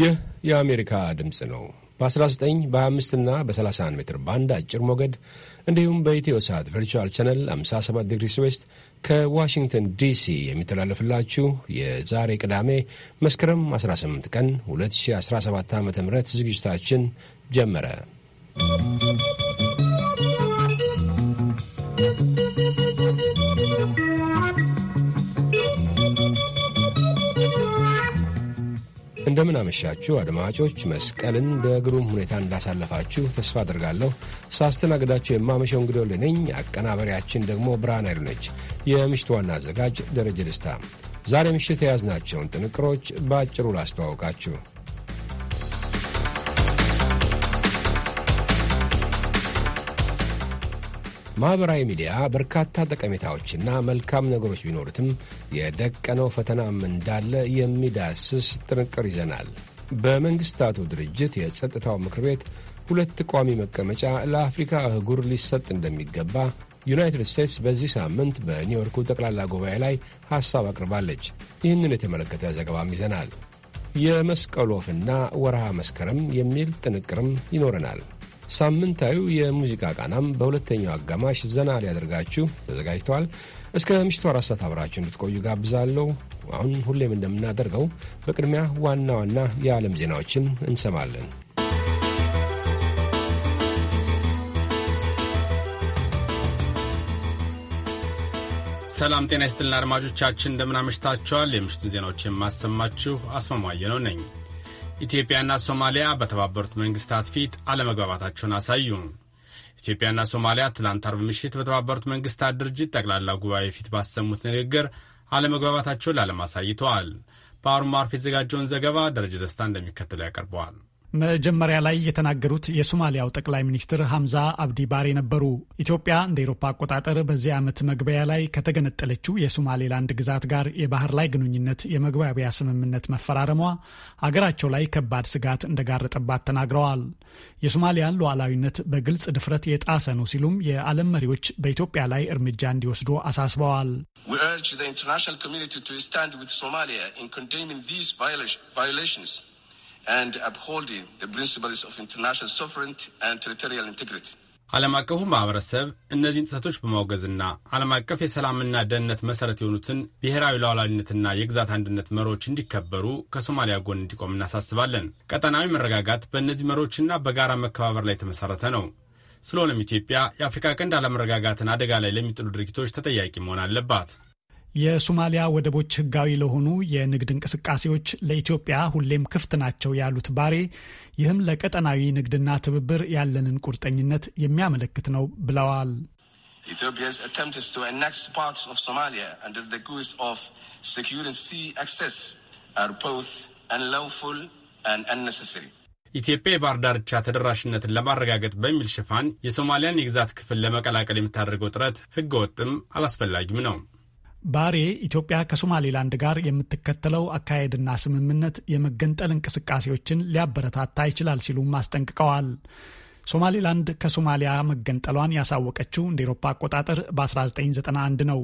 ይህ የአሜሪካ ድምፅ ነው። በ19 በ25 እና በ31 ሜትር ባንድ አጭር ሞገድ እንዲሁም በኢትዮ ሳት ቨርቹዋል ቻነል 57 ዲግሪ ስዌስት ከዋሽንግተን ዲሲ የሚተላለፍላችሁ የዛሬ ቅዳሜ መስከረም 18 ቀን 2017 ዓ ም ዝግጅታችን ጀመረ። እንደምን አመሻችሁ አድማጮች። መስቀልን በግሩም ሁኔታ እንዳሳለፋችሁ ተስፋ አድርጋለሁ። ሳስተናግዳችሁ የማመሸው እንግዲህ ነኝ። አቀናበሪያችን ደግሞ ብርሃን አይሉ ነች። የምሽቱ ዋና አዘጋጅ ደረጀ ደስታ። ዛሬ ምሽት የያዝናቸውን ጥንቅሮች በአጭሩ ላስተዋውቃችሁ። ማኅበራዊ ሚዲያ በርካታ ጠቀሜታዎችና መልካም ነገሮች ቢኖሩትም የደቀነው ፈተናም እንዳለ የሚዳስስ ጥንቅር ይዘናል። በመንግሥታቱ ድርጅት የጸጥታው ምክር ቤት ሁለት ቋሚ መቀመጫ ለአፍሪካ አህጉር ሊሰጥ እንደሚገባ ዩናይትድ ስቴትስ በዚህ ሳምንት በኒውዮርኩ ጠቅላላ ጉባኤ ላይ ሐሳብ አቅርባለች። ይህንን የተመለከተ ዘገባም ይዘናል። የመስቀል ወፍና ወርሃ መስከረም የሚል ጥንቅርም ይኖረናል። ሳምንታዊው የሙዚቃ ቃናም በሁለተኛው አጋማሽ ዘና ሊያደርጋችሁ ተዘጋጅተዋል። እስከ ምሽቱ አራት ሰዓት አብራችሁ እንድትቆዩ ጋብዛለሁ። አሁን ሁሌም እንደምናደርገው በቅድሚያ ዋና ዋና የዓለም ዜናዎችን እንሰማለን። ሰላም ጤና ይስጥልን አድማጮቻችን፣ እንደምናመሽታችኋል። የምሽቱን ዜናዎች የማሰማችሁ አስማማየ ነው ነኝ። ኢትዮጵያና ሶማሊያ በተባበሩት መንግስታት ፊት አለመግባባታቸውን አሳዩ። ኢትዮጵያና ሶማሊያ ትላንት አርብ ምሽት በተባበሩት መንግስታት ድርጅት ጠቅላላ ጉባኤ ፊት ባሰሙት ንግግር አለመግባባታቸውን ላለም አሳይተዋል። በአሩማርፍ የተዘጋጀውን ዘገባ ደረጀ ደስታ እንደሚከተለው ያቀርበዋል። መጀመሪያ ላይ የተናገሩት የሶማሊያው ጠቅላይ ሚኒስትር ሐምዛ አብዲ ባሬ ነበሩ። ኢትዮጵያ እንደ ኤሮፓ አቆጣጠር በዚህ ዓመት መግቢያ ላይ ከተገነጠለችው የሶማሌላንድ ግዛት ጋር የባህር ላይ ግንኙነት የመግባቢያ ስምምነት መፈራረሟ አገራቸው ላይ ከባድ ስጋት እንደጋረጠባት ተናግረዋል። የሶማሊያን ሉዓላዊነት በግልጽ ድፍረት የጣሰ ነው ሲሉም የዓለም መሪዎች በኢትዮጵያ ላይ እርምጃ እንዲወስዱ አሳስበዋል። ኢንተርናሽናል ኮሚኒቲ ስታንድ international community to stand with Somalia and upholding the principles of international sovereignty and territorial integrity. ዓለም አቀፉ ማህበረሰብ እነዚህን ጥሰቶች በማውገዝና ዓለም አቀፍ የሰላምና ደህንነት መሠረት የሆኑትን ብሔራዊ ሉዓላዊነትና የግዛት አንድነት መሮዎች እንዲከበሩ ከሶማሊያ ጎን እንዲቆም እናሳስባለን። ቀጠናዊ መረጋጋት በእነዚህ መሮዎችና በጋራ መከባበር ላይ የተመሠረተ ነው። ስለሆነም ኢትዮጵያ የአፍሪካ ቀንድ አለመረጋጋትን አደጋ ላይ ለሚጥሉ ድርጊቶች ተጠያቂ መሆን አለባት። የሶማሊያ ወደቦች ህጋዊ ለሆኑ የንግድ እንቅስቃሴዎች ለኢትዮጵያ ሁሌም ክፍት ናቸው ያሉት ባሬ፣ ይህም ለቀጠናዊ ንግድና ትብብር ያለንን ቁርጠኝነት የሚያመለክት ነው ብለዋል። Ethiopia's attempts to annex parts of Somalia under the guise of securing sea access are both unlawful and unnecessary. ኢትዮጵያ የባህር ዳርቻ ተደራሽነትን ለማረጋገጥ በሚል ሽፋን የሶማሊያን የግዛት ክፍል ለመቀላቀል የምታደርገው ጥረት ህገወጥም አላስፈላጊም ነው። ባሬ ኢትዮጵያ ከሶማሌላንድ ጋር የምትከተለው አካሄድና ስምምነት የመገንጠል እንቅስቃሴዎችን ሊያበረታታ ይችላል ሲሉም አስጠንቅቀዋል። ሶማሌላንድ ከሶማሊያ መገንጠሏን ያሳወቀችው እንደ ኤሮፓ አቆጣጠር በ1991 ነው።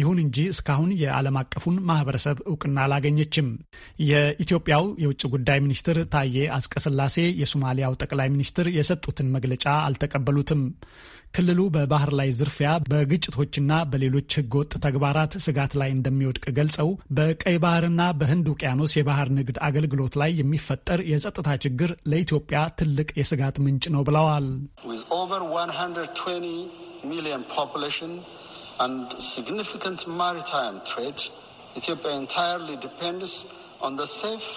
ይሁን እንጂ እስካሁን የዓለም አቀፉን ማህበረሰብ እውቅና አላገኘችም። የኢትዮጵያው የውጭ ጉዳይ ሚኒስትር ታዬ አስቀስላሴ የሶማሊያው ጠቅላይ ሚኒስትር የሰጡትን መግለጫ አልተቀበሉትም። ክልሉ በባህር ላይ ዝርፊያ፣ በግጭቶችና በሌሎች ህገወጥ ተግባራት ስጋት ላይ እንደሚወድቅ ገልጸው በቀይ ባህርና በህንድ ውቅያኖስ የባህር ንግድ አገልግሎት ላይ የሚፈጠር የጸጥታ ችግር ለኢትዮጵያ ትልቅ የስጋት ምንጭ ነው ብለዋል። ሚሊዮን ፖፑሌሽን and significant maritime trade, Ethiopia entirely depends on the safe,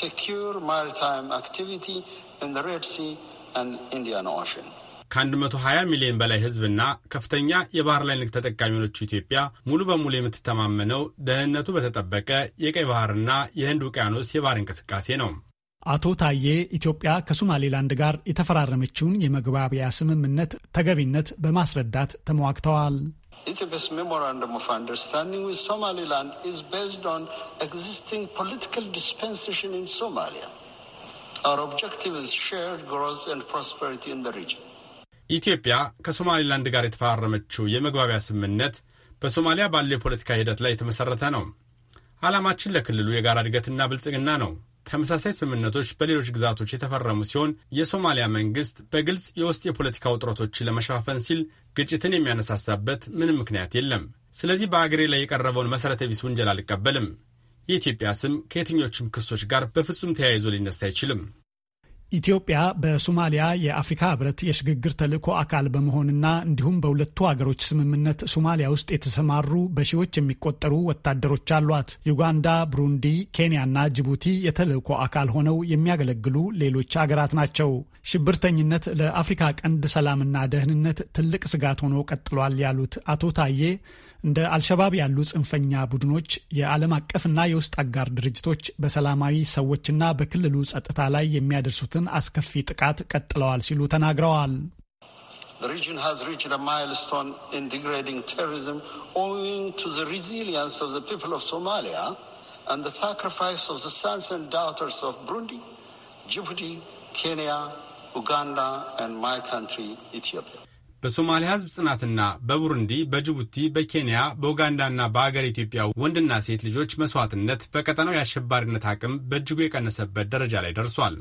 secure maritime activity in the Red Sea and Indian Ocean. ከ120 ሚሊዮን በላይ ሕዝብና ከፍተኛ የባህር ላይ ንግድ ተጠቃሚዎች ኢትዮጵያ ሙሉ በሙሉ የምትተማመነው ደህንነቱ በተጠበቀ የቀይ ባህርና የህንድ ውቅያኖስ የባህር እንቅስቃሴ ነው። አቶ ታዬ ኢትዮጵያ ከሶማሌላንድ ጋር የተፈራረመችውን የመግባቢያ ስምምነት ተገቢነት በማስረዳት ተሟግተዋል። ኢትዮጵያስ ሜሞራንደም ኦፍ አንደርስታንዲንግ ዊዝ ሶማሌላንድ ኢዝ ቤዝድ ኦን ኤግዚስቲንግ ፖለቲካል ዲስፐንሴሽን ኢን ሶማሊያ አወር ኦብጀክቲቭ ኢዝ ሼርድ ግሮዝ ኤንድ ፕሮስፐሪቲ ኢን ዘ ሪጅን ኢትዮጵያ ከሶማሌላንድ ጋር የተፈራረመችው የመግባቢያ ስምምነት በሶማሊያ ባለው የፖለቲካ ሂደት ላይ የተመሠረተ ነው። ዓላማችን ለክልሉ የጋራ እድገትና ብልጽግና ነው። ተመሳሳይ ስምምነቶች በሌሎች ግዛቶች የተፈረሙ ሲሆን የሶማሊያ መንግስት በግልጽ የውስጥ የፖለቲካ ውጥረቶችን ለመሸፋፈን ሲል ግጭትን የሚያነሳሳበት ምንም ምክንያት የለም። ስለዚህ በአገሬ ላይ የቀረበውን መሠረተ ቢስ ውንጀል አልቀበልም። የኢትዮጵያ ስም ከየትኞቹም ክሶች ጋር በፍጹም ተያይዞ ሊነሳ አይችልም። ኢትዮጵያ በሶማሊያ የአፍሪካ ህብረት የሽግግር ተልእኮ አካል በመሆንና እንዲሁም በሁለቱ ሀገሮች ስምምነት ሶማሊያ ውስጥ የተሰማሩ በሺዎች የሚቆጠሩ ወታደሮች አሏት። ዩጋንዳ፣ ብሩንዲ፣ ኬንያና ጅቡቲ የተልእኮ አካል ሆነው የሚያገለግሉ ሌሎች ሀገራት ናቸው። ሽብርተኝነት ለአፍሪካ ቀንድ ሰላምና ደህንነት ትልቅ ስጋት ሆኖ ቀጥሏል ያሉት አቶ ታዬ እንደ አልሸባብ ያሉ ጽንፈኛ ቡድኖች የዓለም አቀፍና የውስጥ አጋር ድርጅቶች በሰላማዊ ሰዎችና በክልሉ ጸጥታ ላይ የሚያደርሱትን አስከፊ ጥቃት ቀጥለዋል ሲሉ ተናግረዋል። ጅቡቲ፣ ኬንያ፣ ኡጋንዳ and my country, Ethiopia. በሶማሊያ ህዝብ ጽናትና በቡሩንዲ፣ በጅቡቲ፣ በኬንያ፣ በኡጋንዳና በሀገር ኢትዮጵያ ወንድና ሴት ልጆች መስዋዕትነት በቀጠናው የአሸባሪነት አቅም በእጅጉ የቀነሰበት ደረጃ ላይ ደርሷል።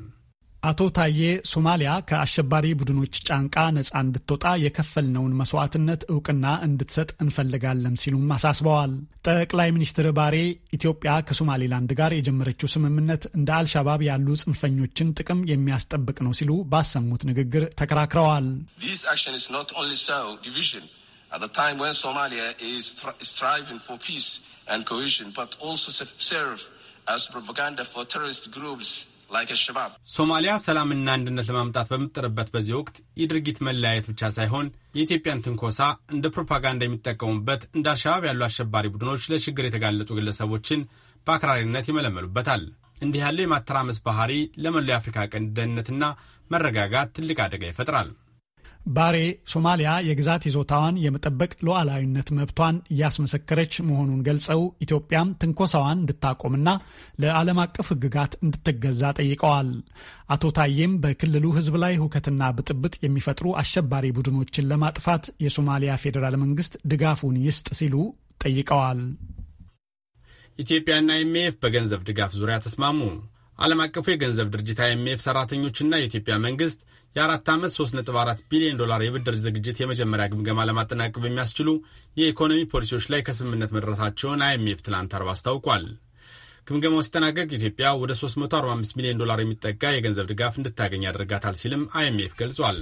አቶ ታዬ ሶማሊያ ከአሸባሪ ቡድኖች ጫንቃ ነፃ እንድትወጣ የከፈልነውን መስዋዕትነት እውቅና እንድትሰጥ እንፈልጋለን ሲሉም አሳስበዋል። ጠቅላይ ሚኒስትር ባሬ ኢትዮጵያ ከሶማሌላንድ ጋር የጀመረችው ስምምነት እንደ አልሻባብ ያሉ ጽንፈኞችን ጥቅም የሚያስጠብቅ ነው ሲሉ ባሰሙት ንግግር ተከራክረዋል። at a time when Somalia is ሶማሊያ ሰላምና አንድነት ለማምጣት በምጥርበት በዚህ ወቅት የድርጊት መለያየት ብቻ ሳይሆን የኢትዮጵያን ትንኮሳ እንደ ፕሮፓጋንዳ የሚጠቀሙበት እንደ አልሸባብ ያሉ አሸባሪ ቡድኖች ለችግር የተጋለጡ ግለሰቦችን በአክራሪነት ይመለመሉበታል። እንዲህ ያለው የማተራመስ ባህሪ ለመላው የአፍሪካ ቀንድ ደህንነትና መረጋጋት ትልቅ አደጋ ይፈጥራል። ባሬ ሶማሊያ የግዛት ይዞታዋን የመጠበቅ ሉዓላዊነት መብቷን እያስመሰከረች መሆኑን ገልጸው ኢትዮጵያም ትንኮሳዋን እንድታቆምና ለዓለም አቀፍ ሕግጋት እንድትገዛ ጠይቀዋል። አቶ ታዬም በክልሉ ሕዝብ ላይ ሁከትና ብጥብጥ የሚፈጥሩ አሸባሪ ቡድኖችን ለማጥፋት የሶማሊያ ፌዴራል መንግስት ድጋፉን ይስጥ ሲሉ ጠይቀዋል። ኢትዮጵያና ኤምኤፍ በገንዘብ ድጋፍ ዙሪያ ተስማሙ። ዓለም አቀፉ የገንዘብ ድርጅት አይኤምኤፍ ሰራተኞችና የኢትዮጵያ መንግስት የአራት ዓመት 3.4 ቢሊዮን ዶላር የብድር ዝግጅት የመጀመሪያ ግምገማ ለማጠናቀቅ በሚያስችሉ የኢኮኖሚ ፖሊሲዎች ላይ ከስምምነት መድረሳቸውን አይኤምኤፍ ትላንት አርባ አስታውቋል። ግምገማው ሲጠናቀቅ ኢትዮጵያ ወደ 345 ሚሊዮን ዶላር የሚጠጋ የገንዘብ ድጋፍ እንድታገኝ ያደርጋታል ሲልም አይኤምኤፍ ገልጿል።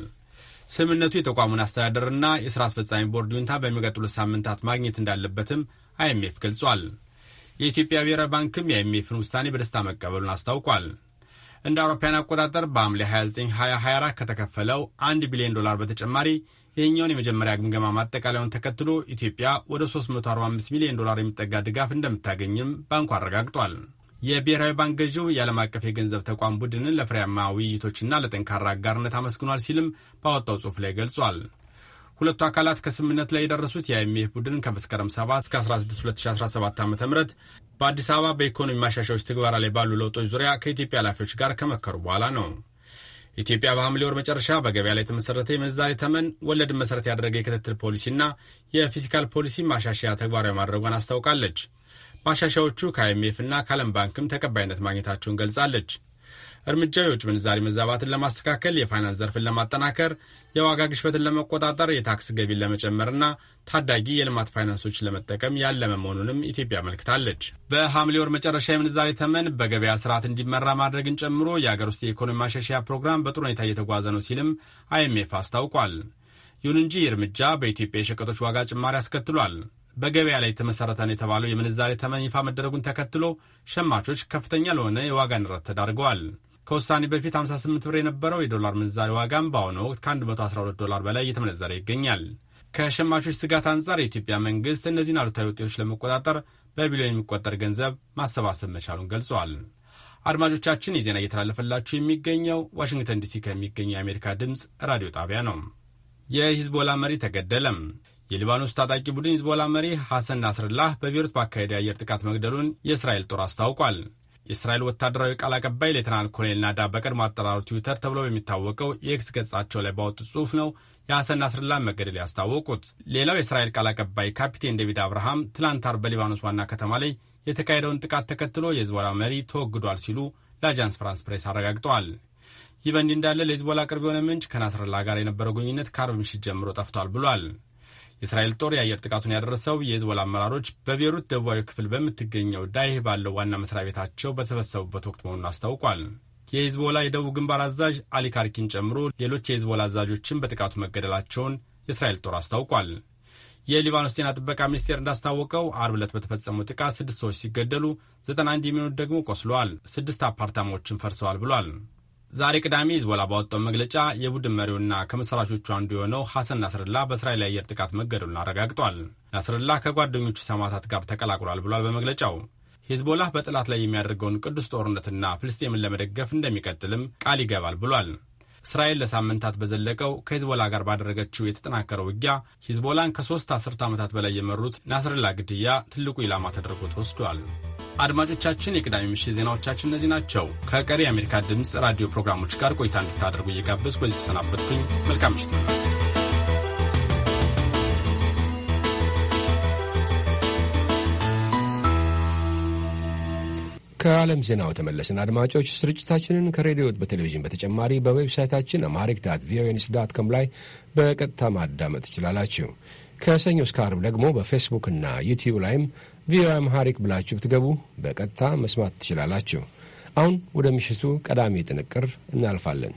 ስምምነቱ የተቋሙን አስተዳደርና የሥራ አስፈጻሚ ቦርድ ዩንታ በሚቀጥሉት ሳምንታት ማግኘት እንዳለበትም አይኤምኤፍ ገልጿል። የኢትዮጵያ ብሔራዊ ባንክም የአይኤምኤፍን ውሳኔ በደስታ መቀበሉን አስታውቋል። እንደ አውሮፓውያን አቆጣጠር በሐምሌ 292024 ከተከፈለው 1 ቢሊዮን ዶላር በተጨማሪ ይህኛውን የመጀመሪያ ግምገማ ማጠቃለያውን ተከትሎ ኢትዮጵያ ወደ 345 ሚሊዮን ዶላር የሚጠጋ ድጋፍ እንደምታገኝም ባንኩ አረጋግጧል። የብሔራዊ ባንክ ገዢው የዓለም አቀፍ የገንዘብ ተቋም ቡድንን ለፍሬያማ ውይይቶችና ለጠንካራ አጋርነት አመስግኗል ሲልም ባወጣው ጽሑፍ ላይ ገልጿል። ሁለቱ አካላት ከስምምነት ላይ የደረሱት የአይኤምኤፍ ቡድን ከመስከረም 7 እስከ 16 2017 ዓ ም በአዲስ አበባ በኢኮኖሚ ማሻሻዎች ትግበራ ላይ ባሉ ለውጦች ዙሪያ ከኢትዮጵያ ኃላፊዎች ጋር ከመከሩ በኋላ ነው። ኢትዮጵያ በሐምሌ ወር መጨረሻ በገበያ ላይ የተመሠረተ የምንዛሬ ተመን ወለድን መሠረት ያደረገ የክትትል ፖሊሲና የፊዚካል ፖሊሲ ማሻሻያ ተግባራዊ ማድረጓን አስታውቃለች። ማሻሻዎቹ ከአይኤምኤፍ እና ከዓለም ባንክም ተቀባይነት ማግኘታቸውን ገልጻለች። እርምጃው የውጭ ምንዛሪ መዛባትን ለማስተካከል፣ የፋይናንስ ዘርፍን ለማጠናከር፣ የዋጋ ግሽበትን ለመቆጣጠር፣ የታክስ ገቢን ለመጨመርና ታዳጊ የልማት ፋይናንሶች ለመጠቀም ያለመ መሆኑንም ኢትዮጵያ አመልክታለች። በሐምሌ ወር መጨረሻ የምንዛሬ ተመን በገበያ ስርዓት እንዲመራ ማድረግን ጨምሮ የአገር ውስጥ የኢኮኖሚ ማሻሻያ ፕሮግራም በጥሩ ሁኔታ እየተጓዘ ነው ሲልም አይኤምኤፍ አስታውቋል። ይሁን እንጂ እርምጃ በኢትዮጵያ የሸቀጦች ዋጋ ጭማሪ አስከትሏል። በገበያ ላይ የተመሠረተ ነው የተባለው የምንዛሬ ተመን ይፋ መደረጉን ተከትሎ ሸማቾች ከፍተኛ ለሆነ የዋጋ ንረት ተዳርገዋል። ከውሳኔ በፊት 58 ብር የነበረው የዶላር ምንዛሬ ዋጋም በአሁኑ ወቅት ከ112 ዶላር በላይ እየተመነዘረ ይገኛል። ከሸማቾች ስጋት አንጻር የኢትዮጵያ መንግሥት እነዚህን አሉታዊ ውጤቶች ለመቆጣጠር በቢሊዮን የሚቆጠር ገንዘብ ማሰባሰብ መቻሉን ገልጸዋል። አድማጮቻችን፣ የዜና እየተላለፈላችሁ የሚገኘው ዋሽንግተን ዲሲ ከሚገኘው የአሜሪካ ድምፅ ራዲዮ ጣቢያ ነው። የሂዝቦላ መሪ ተገደለም። የሊባኖስ ታጣቂ ቡድን ሂዝቦላ መሪ ሐሰን ናስርላህ በቤሩት ባካሄደ የአየር ጥቃት መግደሉን የእስራኤል ጦር አስታውቋል። የእስራኤል ወታደራዊ ቃል አቀባይ ሌተናል ኮሎኔል ናዳ በቀድሞ አጠራሩ ትዊተር ተብሎ በሚታወቀው የኤክስ ገጻቸው ላይ ባወጡት ጽሑፍ ነው የሐሰን ናስርላን መገደል ያስታወቁት። ሌላው የእስራኤል ቃል አቀባይ ካፒቴን ዴቪድ አብርሃም ትላንት አርብ በሊባኖስ ዋና ከተማ ላይ የተካሄደውን ጥቃት ተከትሎ የህዝቦላ መሪ ተወግዷል ሲሉ ለአጃንስ ፍራንስ ፕሬስ አረጋግጠዋል። ይህ በእንዲህ እንዳለ ለሂዝቦላ ቅርብ የሆነ ምንጭ ከናስርላ ጋር የነበረው ግንኙነት ከአርብ ምሽት ጀምሮ ጠፍቷል ብሏል። የእስራኤል ጦር የአየር ጥቃቱን ያደረሰው የህዝቦላ አመራሮች በቤሩት ደቡባዊ ክፍል በምትገኘው ዳይህ ባለው ዋና መስሪያ ቤታቸው በተሰበሰቡበት ወቅት መሆኑን አስታውቋል። የህዝቦላ የደቡብ ግንባር አዛዥ አሊ ካርኪን ጨምሮ ሌሎች የህዝቦላ አዛዦችን በጥቃቱ መገደላቸውን የእስራኤል ጦር አስታውቋል። የሊባኖስ ጤና ጥበቃ ሚኒስቴር እንዳስታወቀው አርብ ዕለት በተፈጸመው ጥቃት ስድስት ሰዎች ሲገደሉ ዘጠና አንድ የሚሆኑት ደግሞ ቆስለዋል። ስድስት አፓርታማዎችን ፈርሰዋል ብሏል። ዛሬ ቅዳሜ ሂዝቦላ ባወጣው መግለጫ የቡድን መሪውና ከመስራቾቹ አንዱ የሆነው ሐሰን ናስርላ በእስራኤል የአየር ጥቃት መገደሉን አረጋግጧል። ናስርላ ከጓደኞቹ ሰማዕታት ጋር ተቀላቅሏል ብሏል በመግለጫው። ሂዝቦላ በጥላት ላይ የሚያደርገውን ቅዱስ ጦርነትና ፍልስጤምን ለመደገፍ እንደሚቀጥልም ቃል ይገባል ብሏል። እስራኤል ለሳምንታት በዘለቀው ከሂዝቦላ ጋር ባደረገችው የተጠናከረው ውጊያ ሂዝቦላን ከሦስት አስርት ዓመታት በላይ የመሩት ናስርላ ግድያ ትልቁ ኢላማ ተደርጎ ተወስዷል። አድማጮቻችን፣ የቅዳሜ ምሽት ዜናዎቻችን እነዚህ ናቸው። ከቀሪ የአሜሪካ ድምፅ ራዲዮ ፕሮግራሞች ጋር ቆይታ እንድታደርጉ እየጋበዝኩ በዚህ ተሰናበትኩኝ። መልካም ምሽት ነው። ከዓለም ዜናው ተመለስን። አድማጮች ስርጭታችንን ከሬዲዮ በቴሌቪዥን በተጨማሪ በዌብሳይታችን አማሪክ ዳት ቪኦኤ ኒውስ ዳት ኮም ላይ በቀጥታ ማዳመጥ ትችላላችሁ። ከሰኞ እስከ አርብ ደግሞ በፌስቡክና ዩቲዩብ ላይም ቪኦኤ አማሪክ ብላችሁ ብትገቡ በቀጥታ መስማት ትችላላችሁ። አሁን ወደ ምሽቱ ቀዳሚ ጥንቅር እናልፋለን።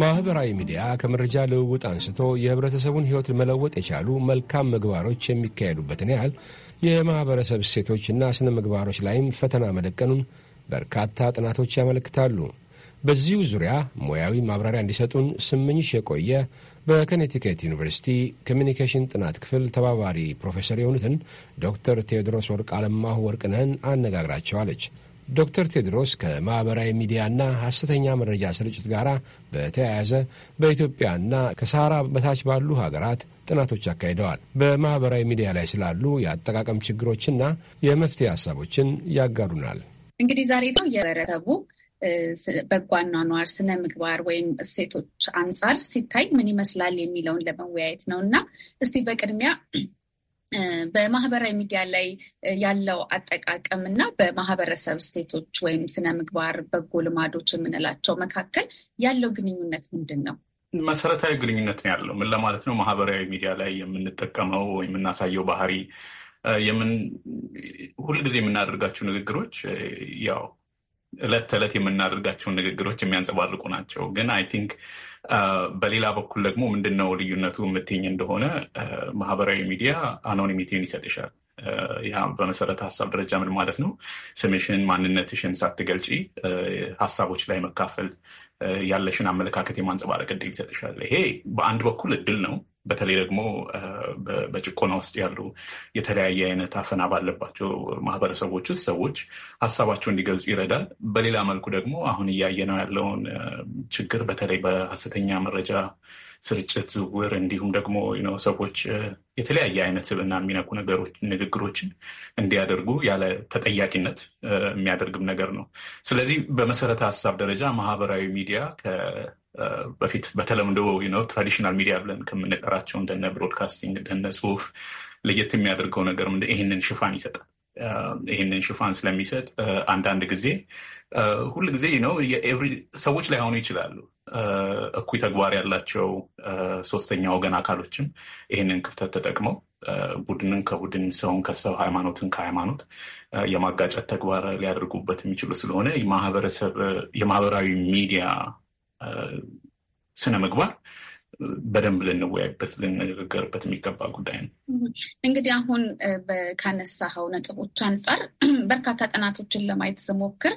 ማኅበራዊ ሚዲያ ከመረጃ ልውውጥ አንስቶ የህብረተሰቡን ሕይወት መለወጥ የቻሉ መልካም ምግባሮች የሚካሄዱበትን ያህል የማኅበረሰብ እሴቶችና ሥነ ምግባሮች ላይም ፈተና መደቀኑን በርካታ ጥናቶች ያመለክታሉ። በዚሁ ዙሪያ ሙያዊ ማብራሪያ እንዲሰጡን ስምኝሽ የቆየ በኮኔቲኬት ዩኒቨርሲቲ ኮሚኒኬሽን ጥናት ክፍል ተባባሪ ፕሮፌሰር የሆኑትን ዶክተር ቴዎድሮስ ወርቅ አለማሁ ወርቅነህን አነጋግራቸዋለች። ዶክተር ቴድሮስ ከማኅበራዊ ሚዲያና ሐሰተኛ መረጃ ስርጭት ጋር በተያያዘ በኢትዮጵያና ከሳራ በታች ባሉ ሀገራት ጥናቶች አካሂደዋል። በማኅበራዊ ሚዲያ ላይ ስላሉ የአጠቃቀም ችግሮችና የመፍትሄ ሀሳቦችን ያጋሩናል። እንግዲህ ዛሬ ነው የበረተቡ በጓና ኗር ስነ ምግባር ወይም እሴቶች አንጻር ሲታይ ምን ይመስላል የሚለውን ለመወያየት ነው እና እስቲ በቅድሚያ በማህበራዊ ሚዲያ ላይ ያለው አጠቃቀም እና በማህበረሰብ እሴቶች ወይም ስነ ምግባር፣ በጎ ልማዶች የምንላቸው መካከል ያለው ግንኙነት ምንድን ነው? መሰረታዊ ግንኙነት ነው ያለው። ምን ለማለት ነው? ማህበራዊ ሚዲያ ላይ የምንጠቀመው የምናሳየው ባህሪ፣ ሁልጊዜ የምናደርጋቸው ንግግሮች ያው እለት ተዕለት የምናደርጋቸውን ንግግሮች የሚያንጸባርቁ ናቸው። ግን አይ ቲንክ በሌላ በኩል ደግሞ ምንድን ነው ልዩነቱ የምትኝ እንደሆነ ማህበራዊ ሚዲያ አኖኒሚቲን ይሰጥሻል። ያ በመሰረተ ሀሳብ ደረጃ ምን ማለት ነው? ስምሽን፣ ማንነትሽን ሳትገልጪ ሀሳቦች ላይ መካፈል፣ ያለሽን አመለካከት የማንጸባረቅ እድል ይሰጥሻል። ይሄ በአንድ በኩል እድል ነው፣ በተለይ ደግሞ በጭቆና ውስጥ ያሉ የተለያየ አይነት አፈና ባለባቸው ማህበረሰቦች ውስጥ ሰዎች ሀሳባቸው እንዲገልጹ ይረዳል። በሌላ መልኩ ደግሞ አሁን እያየነው ያለውን ችግር በተለይ በሀሰተኛ መረጃ ስርጭት፣ ዝውውር እንዲሁም ደግሞ ሰዎች የተለያየ አይነት ስብና የሚነኩ ነገሮች ንግግሮችን እንዲያደርጉ ያለ ተጠያቂነት የሚያደርግም ነገር ነው። ስለዚህ በመሰረተ ሀሳብ ደረጃ ማህበራዊ ሚዲያ በፊት በተለምዶ ትራዲሽናል ሚዲያ ብለን ከምንጠራቸው እንደነ ብሮድካስቲንግ እንደነ ጽሁፍ ለየት የሚያደርገው ነገር ምንድን ይህንን ሽፋን ይሰጣል። ይህንን ሽፋን ስለሚሰጥ አንዳንድ ጊዜ ሁል ጊዜ ነው ሰዎች ላይሆኑ ይችላሉ። እኩይ ተግባር ያላቸው ሶስተኛ ወገን አካሎችም ይህንን ክፍተት ተጠቅመው ቡድንን ከቡድን ሰውን ከሰው ሃይማኖትን ከሃይማኖት የማጋጨት ተግባር ሊያደርጉበት የሚችሉ ስለሆነ የማህበራዊ ሚዲያ ስነ ምግባር በደንብ ልንወያይበት ልንነጋገርበት የሚገባ ጉዳይ ነው። እንግዲህ አሁን ካነሳኸው ነጥቦች አንጻር በርካታ ጥናቶችን ለማየት ስሞክር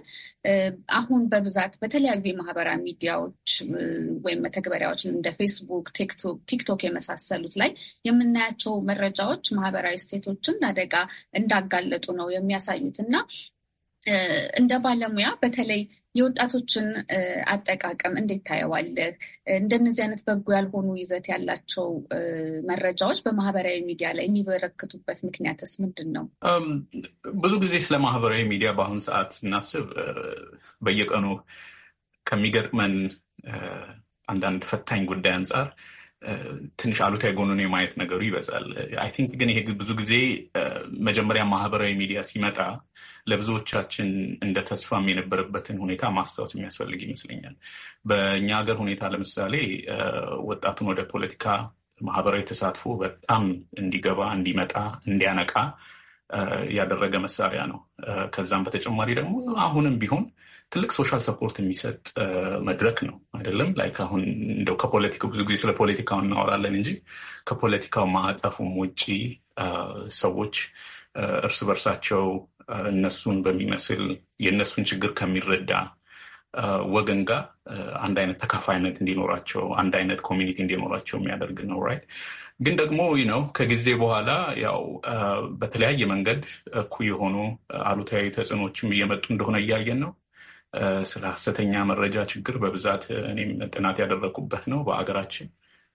አሁን በብዛት በተለያዩ የማህበራዊ ሚዲያዎች ወይም መተግበሪያዎች እንደ ፌስቡክ፣ ቲክቶክ የመሳሰሉት ላይ የምናያቸው መረጃዎች ማህበራዊ እሴቶችን አደጋ እንዳጋለጡ ነው የሚያሳዩት እና እንደ ባለሙያ በተለይ የወጣቶችን አጠቃቀም እንዴት ታየዋለህ? እንደነዚህ አይነት በጎ ያልሆኑ ይዘት ያላቸው መረጃዎች በማህበራዊ ሚዲያ ላይ የሚበረክቱበት ምክንያትስ ምንድን ነው? ብዙ ጊዜ ስለ ማህበራዊ ሚዲያ በአሁኑ ሰዓት ስናስብ በየቀኑ ከሚገጥመን አንዳንድ ፈታኝ ጉዳይ አንጻር ትንሽ አሉታዊ ጎኑን የማየት ነገሩ ይበዛል። አይ ቲንክ ግን ይሄ ብዙ ጊዜ መጀመሪያ ማህበራዊ ሚዲያ ሲመጣ ለብዙዎቻችን እንደ ተስፋም የነበረበትን ሁኔታ ማስታወስ የሚያስፈልግ ይመስለኛል። በእኛ ሀገር ሁኔታ ለምሳሌ ወጣቱን ወደ ፖለቲካ ማህበራዊ ተሳትፎ በጣም እንዲገባ፣ እንዲመጣ፣ እንዲያነቃ ያደረገ መሳሪያ ነው። ከዛም በተጨማሪ ደግሞ አሁንም ቢሆን ትልቅ ሶሻል ሰፖርት የሚሰጥ መድረክ ነው አይደለም። ላይክ አሁን እንደው ከፖለቲካ ብዙ ጊዜ ስለ ፖለቲካው እናወራለን እንጂ ከፖለቲካው ማዕቀፉም ውጪ ሰዎች እርስ በርሳቸው እነሱን በሚመስል የእነሱን ችግር ከሚረዳ ወገን ጋር አንድ አይነት ተካፋይነት እንዲኖራቸው አንድ አይነት ኮሚኒቲ እንዲኖራቸው የሚያደርግ ነው ራይት ግን ደግሞ ነው ከጊዜ በኋላ ያው በተለያየ መንገድ እኩይ የሆኑ አሉታዊ ተጽዕኖችም እየመጡ እንደሆነ እያየን ነው። ስለ ሀሰተኛ መረጃ ችግር በብዛት እኔም ጥናት ያደረኩበት ነው። በአገራችን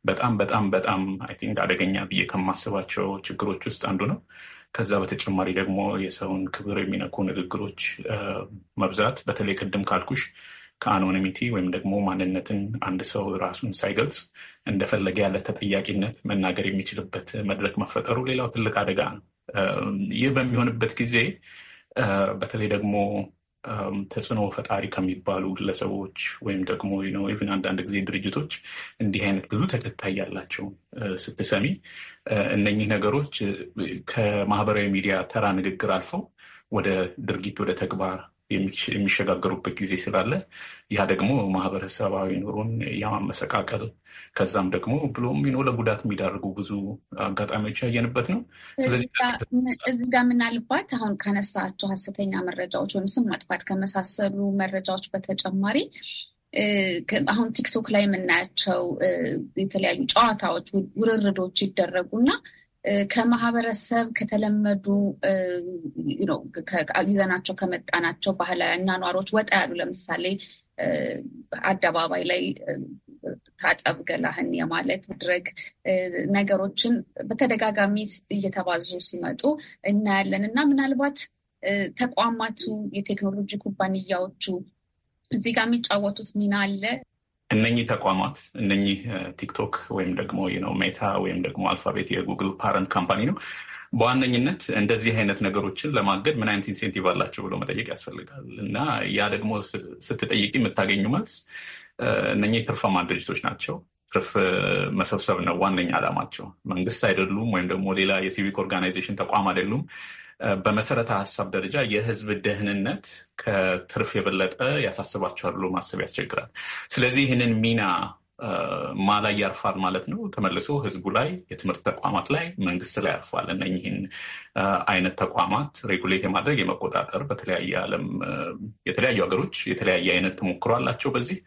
በጣም በጣም በጣም አይ ቲንክ አደገኛ ብዬ ከማስባቸው ችግሮች ውስጥ አንዱ ነው። ከዛ በተጨማሪ ደግሞ የሰውን ክብር የሚነኩ ንግግሮች መብዛት በተለይ ቅድም ካልኩሽ ከአኖኒሚቲ ወይም ደግሞ ማንነትን አንድ ሰው ራሱን ሳይገልጽ እንደፈለገ ያለ ተጠያቂነት መናገር የሚችልበት መድረክ መፈጠሩ ሌላው ትልቅ አደጋ ነው። ይህ በሚሆንበት ጊዜ በተለይ ደግሞ ተጽዕኖ ፈጣሪ ከሚባሉ ግለሰቦች ወይም ደግሞ ኢቭን አንዳንድ ጊዜ ድርጅቶች እንዲህ አይነት ብዙ ተከታይ ያላቸው ስትሰሚ እነኚህ ነገሮች ከማህበራዊ ሚዲያ ተራ ንግግር አልፈው ወደ ድርጊት፣ ወደ ተግባር የሚሸጋገሩበት ጊዜ ስላለ ያ ደግሞ ማህበረሰባዊ ኑሮን የማመሰቃቀል ከዛም ደግሞ ብሎም ኖ ለጉዳት የሚዳርጉ ብዙ አጋጣሚዎች ያየንበት ነው። እዚህ ጋር ምናልባት አሁን ከነሳቸው ሀሰተኛ መረጃዎች ወይም ስም ማጥፋት ከመሳሰሉ መረጃዎች በተጨማሪ አሁን ቲክቶክ ላይ የምናያቸው የተለያዩ ጨዋታዎች፣ ውርርዶች ይደረጉና ከማህበረሰብ ከተለመዱ ይዘናቸው ከመጣናቸው ባህላዊ አኗኗሮች ወጣ ያሉ ለምሳሌ አደባባይ ላይ ታጠብ ገላህን የማለት ማድረግ ነገሮችን በተደጋጋሚ እየተባዙ ሲመጡ እናያለን እና ምናልባት ተቋማቱ የቴክኖሎጂ ኩባንያዎቹ እዚህ ጋር የሚጫወቱት ሚና አለ። እነኚህ ተቋማት እነኚህ ቲክቶክ ወይም ደግሞ ነው ሜታ ወይም ደግሞ አልፋቤት የጉግል ፓረንት ካምፓኒ ነው በዋነኝነት እንደዚህ አይነት ነገሮችን ለማገድ ምን አይነት ኢንሴንቲቭ አላቸው ብሎ መጠየቅ ያስፈልጋል። እና ያ ደግሞ ስትጠይቅ የምታገኙ መልስ እነኚህ ትርፋማ ድርጅቶች ናቸው። ትርፍ መሰብሰብ ነው ዋነኛ ዓላማቸው። መንግስት አይደሉም፣ ወይም ደግሞ ሌላ የሲቪክ ኦርጋናይዜሽን ተቋም አይደሉም። በመሰረተ ሀሳብ ደረጃ የህዝብ ደህንነት ከትርፍ የበለጠ ያሳስባቸዋል ብሎ ማሰብ ያስቸግራል። ስለዚህ ይህንን ሚና ማ ላይ ያርፋል ማለት ነው። ተመልሶ ህዝቡ ላይ፣ የትምህርት ተቋማት ላይ፣ መንግስት ላይ ያርፋል እና ይህን አይነት ተቋማት ሬጉሌት የማድረግ የመቆጣጠር በተለያየ ዓለም የተለያዩ ሀገሮች የተለያየ አይነት ተሞክሮ አላቸው። በዚህ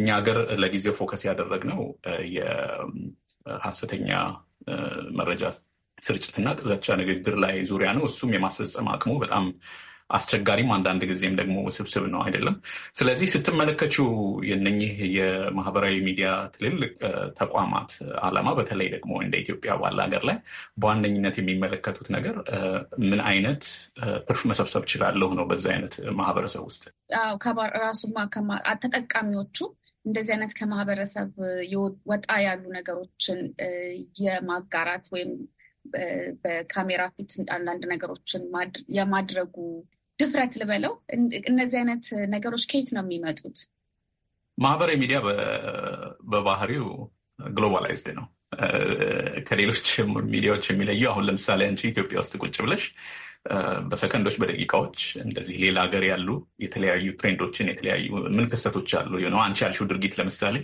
እኛ ሀገር ለጊዜው ፎከስ ያደረግነው የሀሰተኛ መረጃ ስርጭትና ጥላቻ ንግግር ላይ ዙሪያ ነው። እሱም የማስፈጸም አቅሙ በጣም አስቸጋሪም አንዳንድ ጊዜም ደግሞ ውስብስብ ነው አይደለም። ስለዚህ ስትመለከችው የነኚህ የማህበራዊ ሚዲያ ትልልቅ ተቋማት አላማ በተለይ ደግሞ እንደ ኢትዮጵያ ባለ ሀገር ላይ በዋነኝነት የሚመለከቱት ነገር ምን አይነት ትርፍ መሰብሰብ ችላለሁ ነው። በዚህ አይነት ማህበረሰብ ውስጥ ራሱ ተጠቃሚዎቹ እንደዚህ አይነት ከማህበረሰብ ወጣ ያሉ ነገሮችን የማጋራት ወይም በካሜራ ፊት አንዳንድ ነገሮችን የማድረጉ ድፍረት ልበለው። እነዚህ አይነት ነገሮች ከየት ነው የሚመጡት? ማህበራዊ ሚዲያ በባህሪው ግሎባላይዝድ ነው። ከሌሎች ሚዲያዎች የሚለየው አሁን ለምሳሌ አንቺ ኢትዮጵያ ውስጥ ቁጭ ብለሽ በሰከንዶች በደቂቃዎች እንደዚህ ሌላ ሀገር ያሉ የተለያዩ ትሬንዶችን የተለያዩ ምን ክስተቶች አሉ ነው። አንቺ ያልሽው ድርጊት ለምሳሌ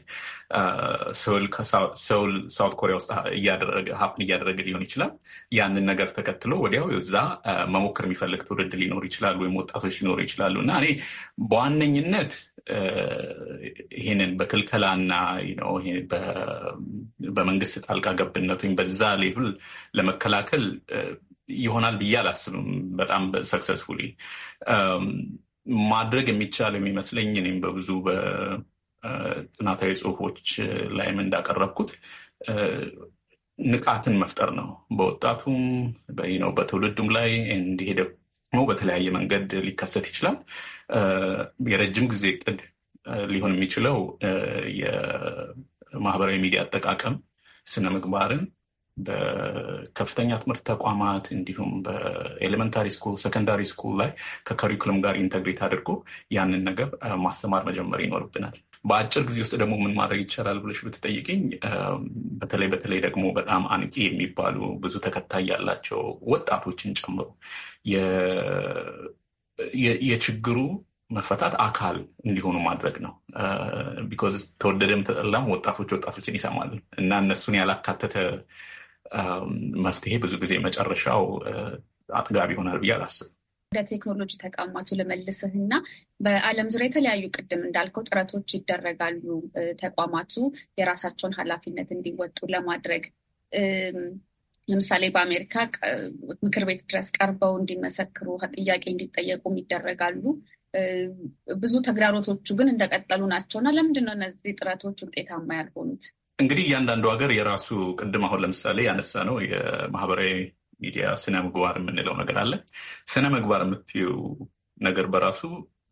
ሰውል ሳውት ኮሪያ ውስጥ እያደረገ ሀፕን እያደረገ ሊሆን ይችላል። ያንን ነገር ተከትሎ ወዲያው እዛ መሞከር የሚፈልግ ትውልድ ሊኖር ይችላሉ ወይም ወጣቶች ሊኖሩ ይችላሉ እና እኔ በዋነኝነት ይህንን በክልከላና በመንግስት ጣልቃ ገብነት ወይም በዛ ሌቭል ለመከላከል ይሆናል ብዬ አላስብም። በጣም ሰክሰስፉሊ ማድረግ የሚቻል የሚመስለኝ እኔም በብዙ በጥናታዊ ጽሁፎች ላይም እንዳቀረብኩት ንቃትን መፍጠር ነው። በወጣቱም በትውልዱም ላይ እንዲሄ ደግሞ በተለያየ መንገድ ሊከሰት ይችላል። የረጅም ጊዜ እቅድ ሊሆን የሚችለው የማህበራዊ ሚዲያ አጠቃቀም ስነ ምግባርን በከፍተኛ ትምህርት ተቋማት እንዲሁም በኤሌመንታሪ ስኩል፣ ሰከንዳሪ ስኩል ላይ ከካሪኩለም ጋር ኢንተግሬት አድርጎ ያንን ነገር ማስተማር መጀመር ይኖርብናል። በአጭር ጊዜ ውስጥ ደግሞ ምን ማድረግ ይቻላል ብለሽ ብትጠይቅኝ፣ በተለይ በተለይ ደግሞ በጣም አንቂ የሚባሉ ብዙ ተከታይ ያላቸው ወጣቶችን ጨምሮ የችግሩ መፈታት አካል እንዲሆኑ ማድረግ ነው። ቢኮዝ ተወደደም ተጠላም ወጣቶች ወጣቶችን ይሰማል እና እነሱን ያላካተተ መፍትሄ ብዙ ጊዜ መጨረሻው አጥጋቢ ይሆናል ብዬ አላስብም። ወደ ቴክኖሎጂ ተቋማቱ ልመልስህ እና በዓለም ዙሪያ የተለያዩ ቅድም እንዳልከው ጥረቶች ይደረጋሉ ተቋማቱ የራሳቸውን ኃላፊነት እንዲወጡ ለማድረግ ለምሳሌ በአሜሪካ ምክር ቤት ድረስ ቀርበው እንዲመሰክሩ ጥያቄ እንዲጠየቁም ይደረጋሉ። ብዙ ተግዳሮቶቹ ግን እንደቀጠሉ ናቸው እና ለምንድን ነው እነዚህ ጥረቶች ውጤታማ ያልሆኑት? እንግዲህ እያንዳንዱ ሀገር የራሱ ቅድም አሁን ለምሳሌ ያነሳ ነው የማህበራዊ ሚዲያ ስነ ምግባር የምንለው ነገር አለ። ስነ ምግባር የምትይው ነገር በራሱ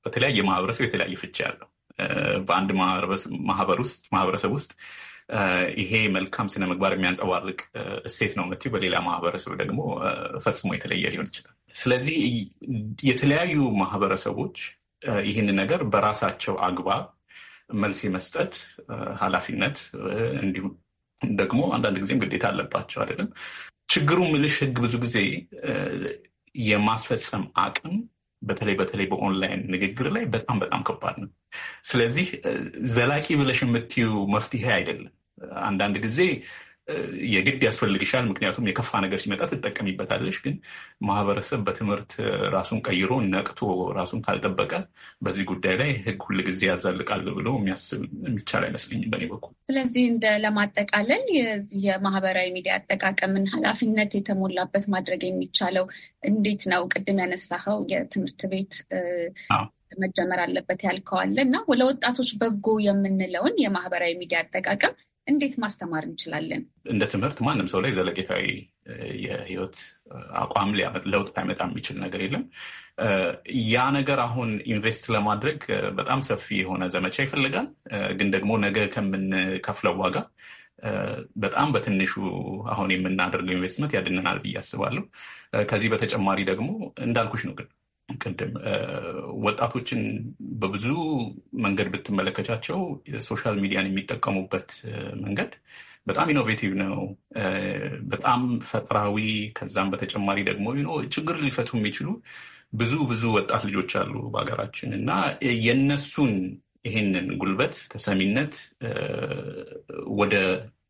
በተለያየ ማህበረሰብ የተለያየ ፍቻ ያለው በአንድ ማህበር ውስጥ ማህበረሰብ ውስጥ ይሄ መልካም ስነ ምግባር የሚያንጸባርቅ እሴት ነው የምትይው በሌላ ማህበረሰብ ደግሞ ፈጽሞ የተለየ ሊሆን ይችላል። ስለዚህ የተለያዩ ማህበረሰቦች ይህን ነገር በራሳቸው አግባብ መልስ የመስጠት ኃላፊነት እንዲሁም ደግሞ አንዳንድ ጊዜም ግዴታ አለባቸው አይደለም። ችግሩ ምልሽ ህግ ብዙ ጊዜ የማስፈጸም አቅም በተለይ በተለይ በኦንላይን ንግግር ላይ በጣም በጣም ከባድ ነው። ስለዚህ ዘላቂ ብለሽ የምትዩ መፍትሄ አይደለም። አንዳንድ ጊዜ የግድ ያስፈልግሻል። ምክንያቱም የከፋ ነገር ሲመጣ ትጠቀሚበታለሽ። ግን ማህበረሰብ በትምህርት ራሱን ቀይሮ ነቅቶ ራሱን ካልጠበቀ በዚህ ጉዳይ ላይ ሁል ሁልጊዜ ያዛልቃል ብሎ የሚያስብ የሚቻል አይመስለኝም በኔ በኩል። ስለዚህ እንደ ለማጠቃለል የማህበራዊ ሚዲያ አጠቃቀምን ኃላፊነት የተሞላበት ማድረግ የሚቻለው እንዴት ነው? ቅድም ያነሳኸው የትምህርት ቤት መጀመር አለበት ያልከዋለ እና ለወጣቶች በጎ የምንለውን የማህበራዊ ሚዲያ አጠቃቀም እንዴት ማስተማር እንችላለን? እንደ ትምህርት ማንም ሰው ላይ ዘለቄታዊ የህይወት አቋም ለውጥ ላይመጣ የሚችል ነገር የለም። ያ ነገር አሁን ኢንቨስት ለማድረግ በጣም ሰፊ የሆነ ዘመቻ ይፈልጋል። ግን ደግሞ ነገ ከምንከፍለው ዋጋ በጣም በትንሹ አሁን የምናደርገው ኢንቨስትመንት ያድነናል ብዬ አስባለሁ። ከዚህ በተጨማሪ ደግሞ እንዳልኩሽ ነው ግን ቅድም ወጣቶችን በብዙ መንገድ ብትመለከቻቸው ሶሻል ሚዲያን የሚጠቀሙበት መንገድ በጣም ኢኖቬቲቭ ነው። በጣም ፈጠራዊ። ከዛም በተጨማሪ ደግሞ ችግር ሊፈቱ የሚችሉ ብዙ ብዙ ወጣት ልጆች አሉ በሀገራችን እና የነሱን ይህንን ጉልበት፣ ተሰሚነት ወደ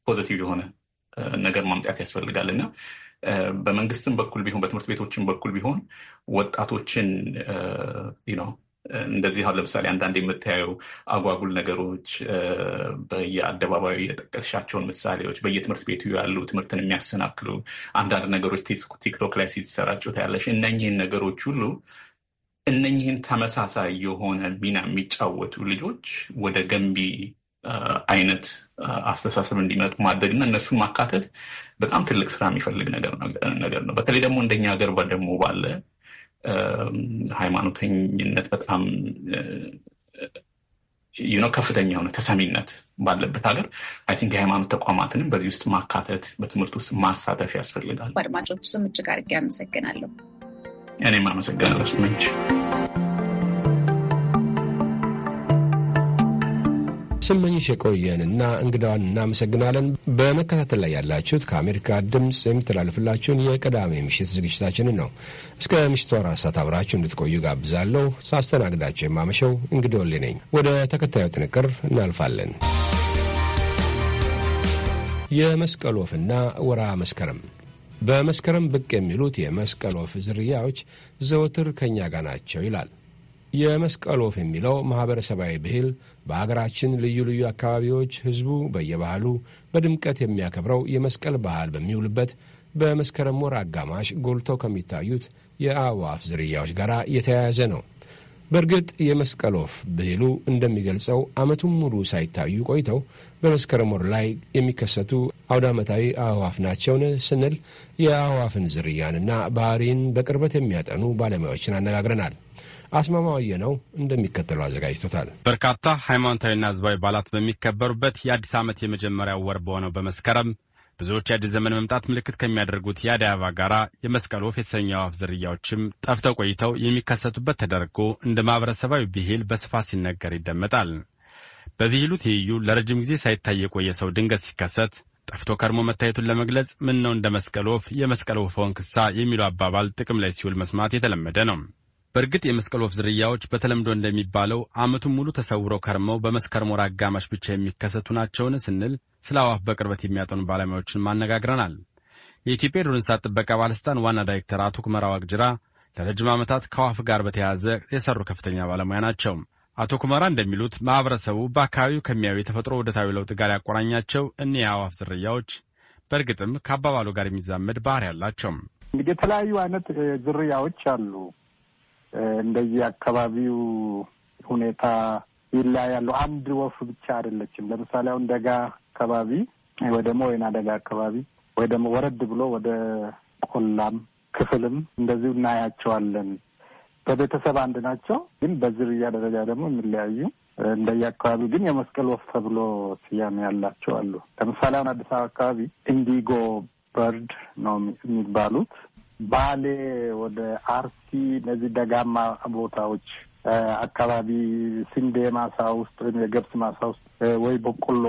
ፖዘቲቭ የሆነ ነገር ማምጣት ያስፈልጋል እና በመንግስትም በኩል ቢሆን በትምህርት ቤቶችም በኩል ቢሆን ወጣቶችን ነው እንደዚህ አሁን ለምሳሌ አንዳንድ የምታየው አጓጉል ነገሮች በየአደባባዩ የጠቀስሻቸውን ምሳሌዎች በየትምህርት ቤቱ ያሉ ትምህርትን የሚያሰናክሉ አንዳንድ ነገሮች ቲክቶክ ላይ ሲሰራጩ ታያለሽ። እነኝህን ነገሮች ሁሉ እነኝህን ተመሳሳይ የሆነ ሚና የሚጫወቱ ልጆች ወደ ገንቢ አይነት አስተሳሰብ እንዲመጡ ማድረግና እነሱን ማካተት በጣም ትልቅ ስራ የሚፈልግ ነገር ነው። በተለይ ደግሞ እንደኛ ሀገር ደግሞ ባለ ሃይማኖተኝነት በጣም ነው ከፍተኛ የሆነ ተሰሚነት ባለበት ሀገር አይ ቲንክ የሃይማኖት ተቋማትንም በዚህ ውስጥ ማካተት፣ በትምህርት ውስጥ ማሳተፍ ያስፈልጋል። አድማጮች ስም እጅግ አድርጌ አመሰግናለሁ። እኔም አመሰግናለሁ ስመንች ስመኝሽ የቆየንና እንግዳዋን እናመሰግናለን። በመከታተል ላይ ያላችሁት ከአሜሪካ ድምፅ የሚተላለፍላችሁን የቅዳሜ ምሽት ዝግጅታችንን ነው። እስከ ምሽቱ አራት ሰዓት አብራችሁ እንድትቆዩ ጋብዛለሁ። ሳስተናግዳቸው የማመሸው እንግዶል ነኝ። ወደ ተከታዩ ጥንቅር እናልፋለን። የመስቀል ወፍና ወራ መስከረም በመስከረም ብቅ የሚሉት የመስቀል ወፍ ዝርያዎች ዘወትር ከእኛ ጋር ናቸው ይላል የመስቀል ወፍ የሚለው ማኅበረሰባዊ ብሂል በሀገራችን ልዩ ልዩ አካባቢዎች ሕዝቡ በየባህሉ በድምቀት የሚያከብረው የመስቀል ባህል በሚውልበት በመስከረም ወር አጋማሽ ጎልተው ከሚታዩት የአዕዋፍ ዝርያዎች ጋር የተያያዘ ነው። በእርግጥ የመስቀል ወፍ ብሂሉ እንደሚገልጸው ዓመቱን ሙሉ ሳይታዩ ቆይተው በመስከረም ወር ላይ የሚከሰቱ አውዳመታዊ አዕዋፍ ናቸውን ስንል የአዕዋፍን ዝርያንና ባህሪን በቅርበት የሚያጠኑ ባለሙያዎችን አነጋግረናል። አስማማው ነው እንደሚከተለው አዘጋጅቶታል። በርካታ ሃይማኖታዊና ህዝባዊ በዓላት በሚከበሩበት የአዲስ ዓመት የመጀመሪያው ወር በሆነው በመስከረም ብዙዎች የአዲስ ዘመን መምጣት ምልክት ከሚያደርጉት የአደይ አበባ ጋር የመስቀል ወፍ የተሰኘው አዕዋፍ ዝርያዎችም ጠፍተው ቆይተው የሚከሰቱበት ተደርጎ እንደ ማህበረሰባዊ ብሂል በስፋት ሲነገር ይደመጣል። በብሂሉ ትይዩ ለረጅም ጊዜ ሳይታይ የቆየ ሰው ድንገት ሲከሰት ጠፍቶ ከርሞ መታየቱን ለመግለጽ ምን ነው እንደ መስቀል ወፍ የመስቀል ወፈውን ክሳ የሚለው አባባል ጥቅም ላይ ሲውል መስማት የተለመደ ነው። በእርግጥ የመስቀል ወፍ ዝርያዎች በተለምዶ እንደሚባለው ዓመቱን ሙሉ ተሰውረው ከርመው በመስከረም ወር አጋማሽ ብቻ የሚከሰቱ ናቸውን ስንል ስለ አዋፍ በቅርበት የሚያጠኑ ባለሙያዎችን ማነጋግረናል። የኢትዮጵያ የዱር እንስሳት ጥበቃ ባለስልጣን ዋና ዳይሬክተር አቶ ኩመራ ዋቅጅራ ለረጅም ዓመታት ከአዋፍ ጋር በተያያዘ የሰሩ ከፍተኛ ባለሙያ ናቸው። አቶ ኩመራ እንደሚሉት ማህበረሰቡ በአካባቢው ከሚያዩ የተፈጥሮ ወደታዊ ለውጥ ጋር ያቆራኛቸው እኒህ የአዋፍ ዝርያዎች በእርግጥም ከአባባሉ ጋር የሚዛመድ ባህሪ ያላቸው እንግዲህ የተለያዩ አይነት ዝርያዎች አሉ። እንደየ አካባቢው ሁኔታ ይለያያሉ። አንድ ወፍ ብቻ አይደለችም። ለምሳሌ አሁን ደጋ አካባቢ ወይ ደግሞ ወይና ደጋ አካባቢ ወይ ደግሞ ወረድ ብሎ ወደ ቆላም ክፍልም እንደዚሁ እናያቸዋለን። በቤተሰብ አንድ ናቸው፣ ግን በዝርያ ደረጃ ደግሞ የሚለያዩ እንደየ አካባቢ ግን የመስቀል ወፍ ተብሎ ስያሜ ያላቸው አሉ። ለምሳሌ አሁን አዲስ አበባ አካባቢ ኢንዲጎ በርድ ነው የሚባሉት ባሌ ወደ አርሲ እነዚህ ደጋማ ቦታዎች አካባቢ ስንዴ ማሳ ውስጥ ወይም የገብስ ማሳ ውስጥ ወይ በቆሎ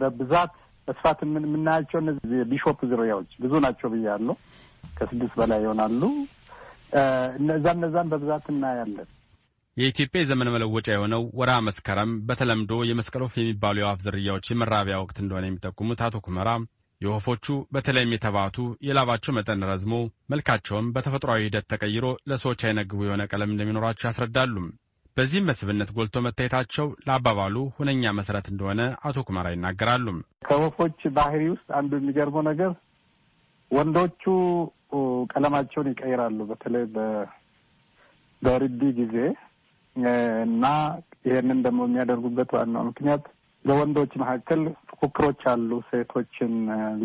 በብዛት በስፋት የምናያቸው እነዚህ የቢሾፕ ዝርያዎች ብዙ ናቸው ብያለሁ። ከስድስት በላይ ይሆናሉ። እነዛ እነዛን በብዛት እናያለን። የኢትዮጵያ የዘመን መለወጫ የሆነው ወራ መስከረም በተለምዶ የመስቀል ወፍ የሚባሉ የዋፍ ዝርያዎች የመራቢያ ወቅት እንደሆነ የሚጠቁሙት አቶ ኩመራ የወፎቹ በተለይም የተባቱ የላባቸው መጠን ረዝሞ መልካቸውም በተፈጥሯዊ ሂደት ተቀይሮ ለሰዎች አይነግቡ የሆነ ቀለም እንደሚኖራቸው ያስረዳሉ። በዚህም መስህብነት ጎልቶ መታየታቸው ለአባባሉ ሁነኛ መሰረት እንደሆነ አቶ ኩመራ ይናገራሉ። ከወፎች ባህሪ ውስጥ አንዱ የሚገርመው ነገር ወንዶቹ ቀለማቸውን ይቀይራሉ በተለይ በርቢ ጊዜ እና ይህንን ደግሞ የሚያደርጉበት ዋናው ምክንያት በወንዶች መካከል ፉክክሮች አሉ። ሴቶችን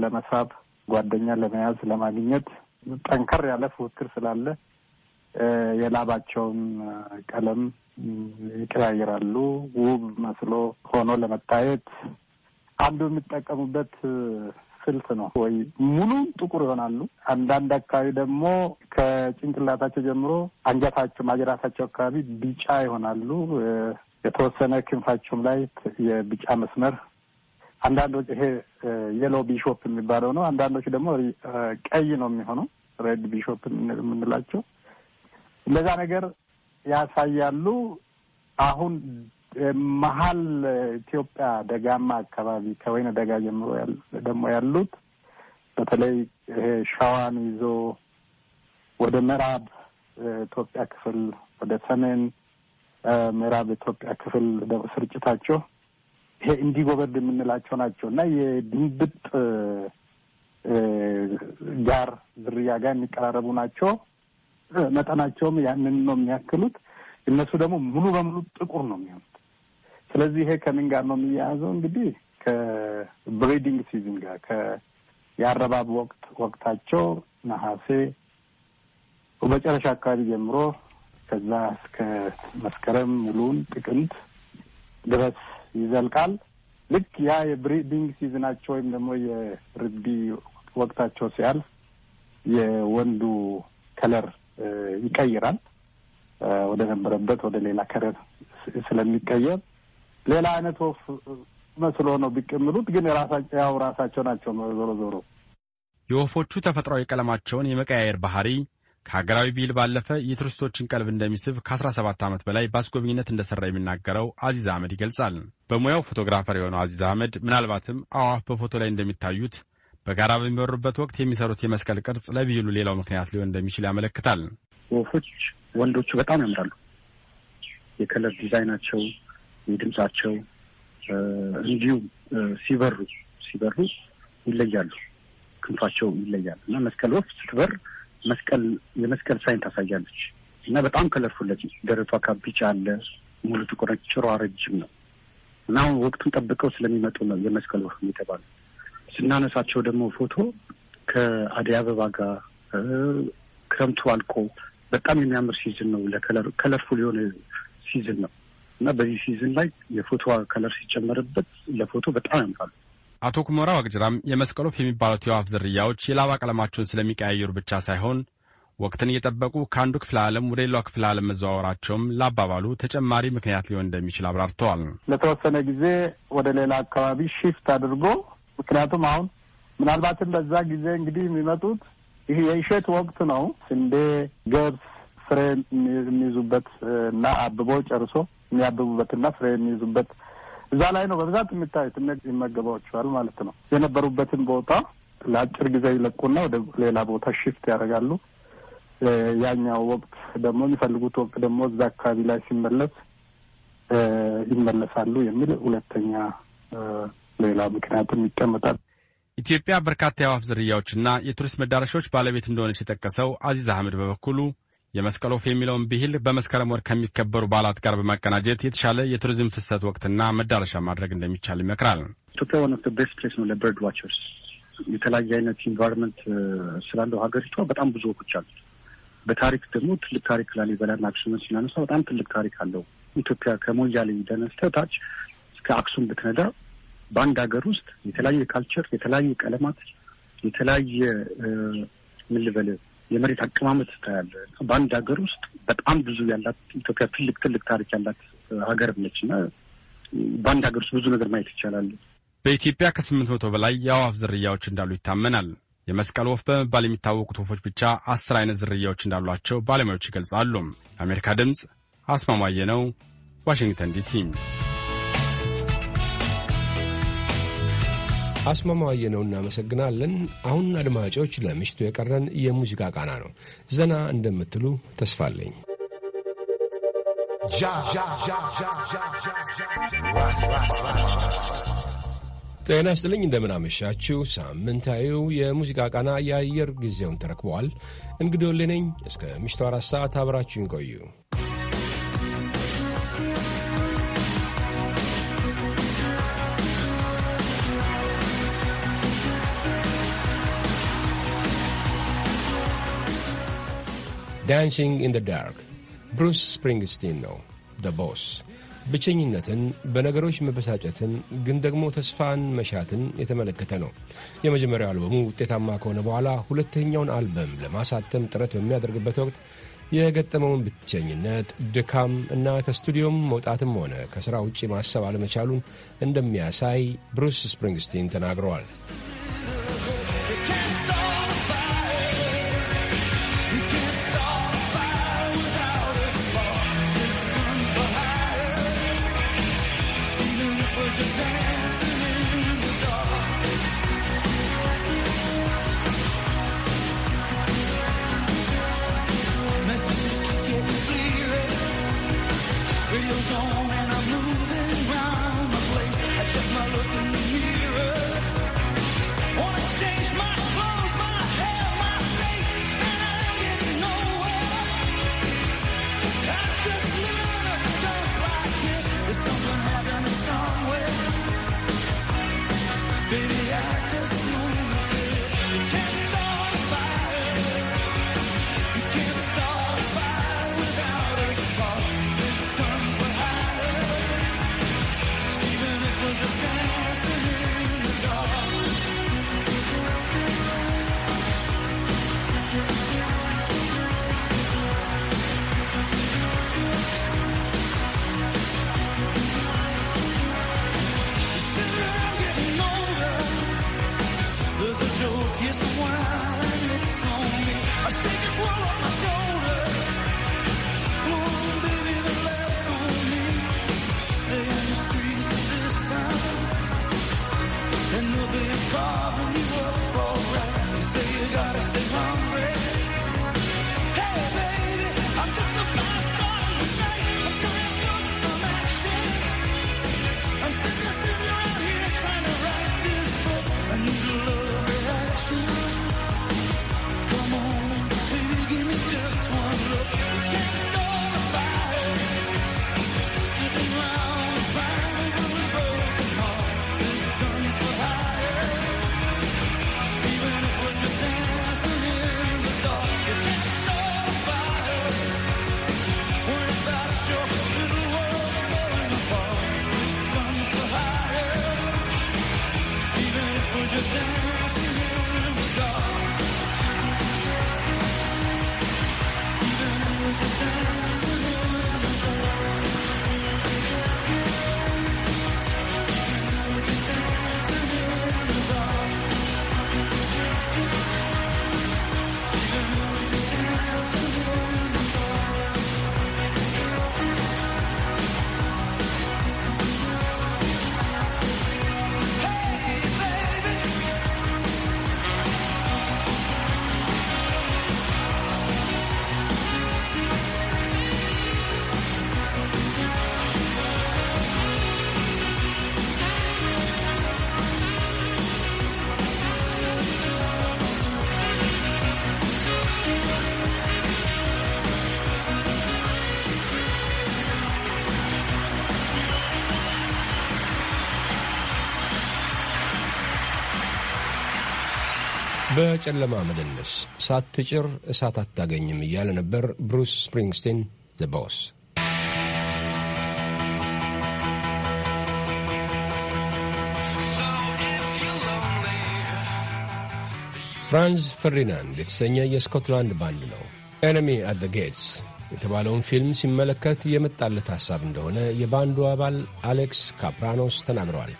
ለመሳብ ጓደኛ ለመያዝ ለማግኘት ጠንከር ያለ ፉክክር ስላለ የላባቸውን ቀለም ይቀያይራሉ። ውብ መስሎ ሆኖ ለመታየት አንዱ የሚጠቀሙበት ስልት ነው። ወይ ሙሉ ጥቁር ይሆናሉ። አንዳንድ አካባቢ ደግሞ ከጭንቅላታቸው ጀምሮ አንገታቸው፣ ማጅራታቸው አካባቢ ቢጫ ይሆናሉ። የተወሰነ ክንፋቸውም ላይ የቢጫ መስመር አንዳንዶች ይሄ የሎ ቢሾፕ የሚባለው ነው። አንዳንዶች ደግሞ ቀይ ነው የሚሆነው ሬድ ቢሾፕ የምንላቸው እንደዛ ነገር ያሳያሉ። አሁን መሀል ኢትዮጵያ ደጋማ አካባቢ ከወይነ ደጋ ጀምሮ ደግሞ ያሉት በተለይ ይሄ ሸዋን ይዞ ወደ ምዕራብ ኢትዮጵያ ክፍል ወደ ሰሜን ምዕራብ ኢትዮጵያ ክፍል ስርጭታቸው ይሄ እንዲጎበድ የምንላቸው ናቸው እና የድንብጥ ጋር ዝርያ ጋር የሚቀራረቡ ናቸው። መጠናቸውም ያንን ነው የሚያክሉት። እነሱ ደግሞ ሙሉ በሙሉ ጥቁር ነው የሚሆኑት። ስለዚህ ይሄ ከምን ጋር ነው የሚያያዘው? እንግዲህ ከብሪዲንግ ሲዝን ጋር የአረባብ ወቅት ወቅታቸው ነሐሴ መጨረሻ አካባቢ ጀምሮ ከዛ እስከ መስከረም ሙሉን ጥቅምት ድረስ ይዘልቃል። ልክ ያ የብሪዲንግ ሲዝናቸው ወይም ደግሞ የርቢ ወቅታቸው ሲያልፍ የወንዱ ከለር ይቀይራል ወደ ነበረበት ወደ ሌላ ከለር ስለሚቀየር ሌላ አይነት ወፍ መስሎ ነው ቢቀምሉት፣ ግን ያው ራሳቸው ናቸው። ዞሮ ዞሮ የወፎቹ ተፈጥሯዊ ቀለማቸውን የመቀያየር ባህሪ ከሀገራዊ ብሂል ባለፈ የቱሪስቶችን ቀልብ እንደሚስብ ከ17 ዓመት በላይ በአስጎብኝነት እንደሰራ የሚናገረው አዚዝ አህመድ ይገልጻል። በሙያው ፎቶግራፈር የሆነው አዚዝ አህመድ ምናልባትም አዋፍ በፎቶ ላይ እንደሚታዩት በጋራ በሚበሩበት ወቅት የሚሰሩት የመስቀል ቅርጽ ለብሂሉ ሌላው ምክንያት ሊሆን እንደሚችል ያመለክታል። ወፎች ወንዶቹ በጣም ያምራሉ። የከለር ዲዛይናቸው፣ የድምጻቸው እንዲሁም ሲበሩ ሲበሩ ይለያሉ። ክንፋቸው ይለያል እና መስቀል ወፍ ስትበር መስቀል የመስቀል ሳይን ታሳያለች እና በጣም ከለርፉለት ደረቷ ካቢጫ አለ፣ ሙሉ ጥቁር፣ ጭሯ ረጅም ነው እና አሁን ወቅቱን ጠብቀው ስለሚመጡ ነው የመስቀል ወፍም የተባለ። ስናነሳቸው ደግሞ ፎቶ ከአደይ አበባ ጋር ክረምቱ አልቆ በጣም የሚያምር ሲዝን ነው። ከለርፉል የሆነ ሲዝን ነው እና በዚህ ሲዝን ላይ የፎቶ ከለር ሲጨመርበት ለፎቶ በጣም ያምራሉ። አቶ ኩመራ ዋቅጅራም የመስቀል ወፍ የሚባሉት የዋፍ ዝርያዎች የላባ ቀለማቸውን ስለሚቀያየሩ ብቻ ሳይሆን ወቅትን እየጠበቁ ከአንዱ ክፍለ ዓለም ወደ ሌላው ክፍለ ዓለም መዘዋወራቸውም ለአባባሉ ተጨማሪ ምክንያት ሊሆን እንደሚችል አብራርተዋል። ለተወሰነ ጊዜ ወደ ሌላ አካባቢ ሽፍት አድርጎ ምክንያቱም አሁን ምናልባትም በዛ ጊዜ እንግዲህ የሚመጡት ይህ የእሸት ወቅት ነው። ስንዴ፣ ገብስ ፍሬ የሚይዙበት እና አብቦ ጨርሶ የሚያብቡበትና ፍሬ የሚይዙበት እዛ ላይ ነው በብዛት የምታዩት። እነዚህ ይመገባቸዋል ማለት ነው። የነበሩበትን ቦታ ለአጭር ጊዜ ይለቁና ወደ ሌላ ቦታ ሽፍት ያደርጋሉ። ያኛው ወቅት ደግሞ የሚፈልጉት ወቅት ደግሞ እዛ አካባቢ ላይ ሲመለስ ይመለሳሉ የሚል ሁለተኛ ሌላ ምክንያትም ይቀመጣል። ኢትዮጵያ በርካታ የአዋፍ ዝርያዎችና የቱሪስት መዳረሻዎች ባለቤት እንደሆነች የጠቀሰው አዚዝ አህመድ በበኩሉ የመስቀል ወፍ የሚለውን ብሂል በመስከረም ወር ከሚከበሩ በዓላት ጋር በማቀናጀት የተሻለ የቱሪዝም ፍሰት ወቅትና መዳረሻ ማድረግ እንደሚቻል ይመክራል። ኢትዮጵያ ዋን ኦፍ ዘ ቤስት ፕሌስ ነው ለበርድ ዋቸርስ። የተለያየ አይነት ኢንቫይሮንመንት uh, ስላለው ሀገሪቷ በጣም ብዙ ወፎች አሉ። በታሪክ ደግሞ ትልቅ ታሪክ ላሊበላና አክሱምን ስናነሳ በጣም ትልቅ ታሪክ አለው። ኢትዮጵያ ከሞያሌ ተነስተህ ታች እስከ አክሱም ብትነዳ በአንድ ሀገር ውስጥ የተለያየ ካልቸር፣ የተለያየ ቀለማት፣ የተለያየ uh, ምን ልበልህ የመሬት አቀማመጥ ታያለ። በአንድ ሀገር ውስጥ በጣም ብዙ ያላት ኢትዮጵያ ትልቅ ትልቅ ታሪክ ያላት ሀገር ነች እና በአንድ ሀገር ውስጥ ብዙ ነገር ማየት ይቻላል። በኢትዮጵያ ከስምንት መቶ በላይ የአዋፍ ዝርያዎች እንዳሉ ይታመናል። የመስቀል ወፍ በመባል የሚታወቁት ወፎች ብቻ አስር አይነት ዝርያዎች እንዳሏቸው ባለሙያዎች ይገልጻሉ። የአሜሪካ ድምፅ አስማማየ ነው፣ ዋሽንግተን ዲሲ አስማማዋየ ነው። እናመሰግናለን። አሁን አድማጮች፣ ለምሽቱ የቀረን የሙዚቃ ቃና ነው። ዘና እንደምትሉ ተስፋለኝ። ጤና ይስጥልኝ። እንደምናመሻችሁ። ሳምንታዊው የሙዚቃ ቃና የአየር ጊዜውን ተረክበዋል። እንግዲህ ወሌ ነኝ። እስከ ምሽቱ አራት ሰዓት አብራችሁን ቆዩ። ዳንሲንግ ኢን ደ ዳርክ ብሩስ ስፕሪንግስቲን ነው ደ ቦስ። ብቸኝነትን፣ በነገሮች መበሳጨትን፣ ግን ደግሞ ተስፋን መሻትን የተመለከተ ነው። የመጀመሪያው አልበሙ ውጤታማ ከሆነ በኋላ ሁለተኛውን አልበም ለማሳተም ጥረት በሚያደርግበት ወቅት የገጠመውን ብቸኝነት፣ ድካም እና ከስቱዲዮም መውጣትም ሆነ ከሥራ ውጪ ማሰብ አለመቻሉን እንደሚያሳይ ብሩስ ስፕሪንግስቲን ተናግረዋል። በጨለማ መደነስ ሳትጭር እሳት አታገኝም እያለ ነበር ብሩስ ስፕሪንግስቲን ዘ ቦስ። ፍራንስ ፈርዲናንድ የተሰኘ የስኮትላንድ ባንድ ነው። ኤነሚ አት ዘ ጌትስ የተባለውን ፊልም ሲመለከት የመጣለት ሐሳብ እንደሆነ የባንዱ አባል አሌክስ ካፕራኖስ ተናግረዋል።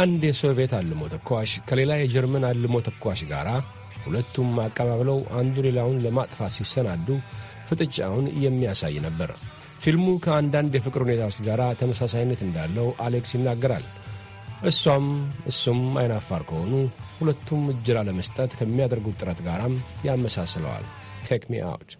አንድ የሶቪየት አልሞ ተኳሽ ከሌላ የጀርመን አልሞ ተኳሽ ጋር ሁለቱም አቀባብለው አንዱ ሌላውን ለማጥፋት ሲሰናዱ ፍጥጫውን የሚያሳይ ነበር። ፊልሙ ከአንዳንድ የፍቅር ሁኔታዎች ጋር ተመሳሳይነት እንዳለው አሌክስ ይናገራል። እሷም እሱም አይናፋር ከሆኑ ሁለቱም እጅራ ለመስጠት ከሚያደርጉት ጥረት ጋራም ያመሳስለዋል። ቴክ ሚ አውት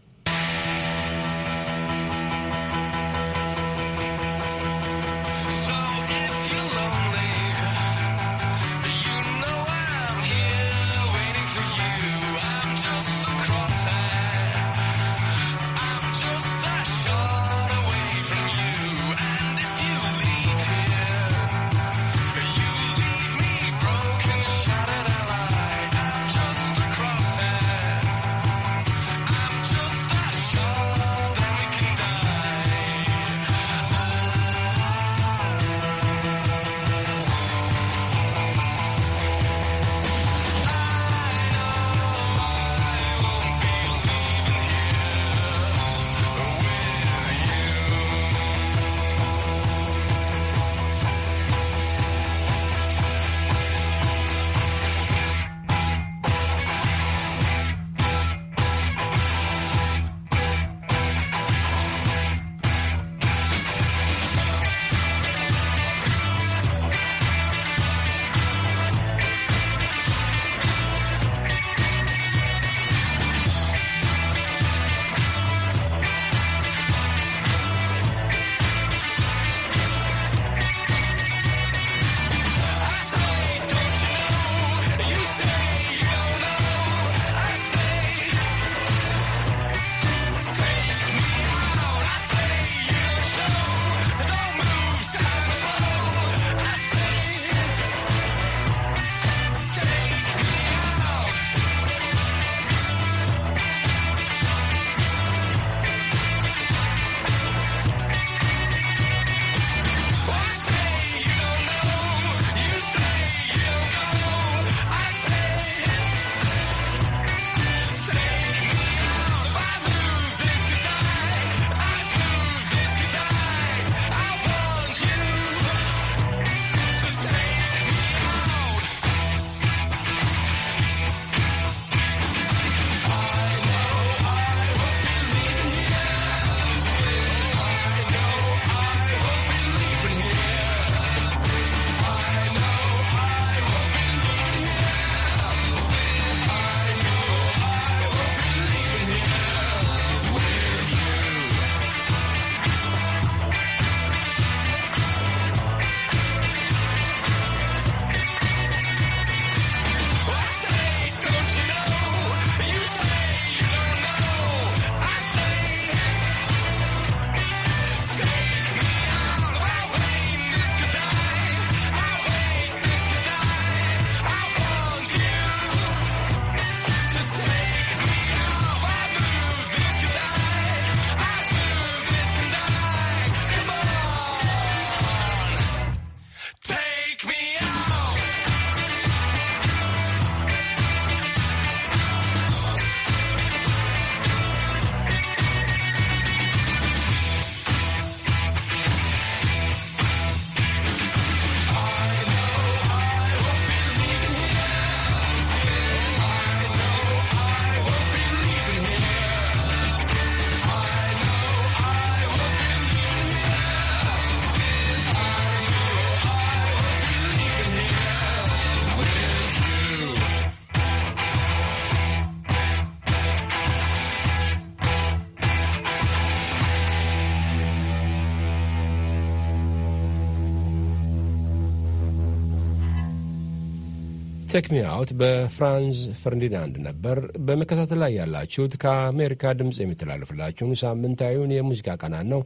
አውት በፍራንስ ፈርዲናንድ ነበር። በመከታተል ላይ ያላችሁት ከአሜሪካ ድምፅ የሚተላለፍላችሁን ሳምንታዊውን የሙዚቃ ቀናን ነው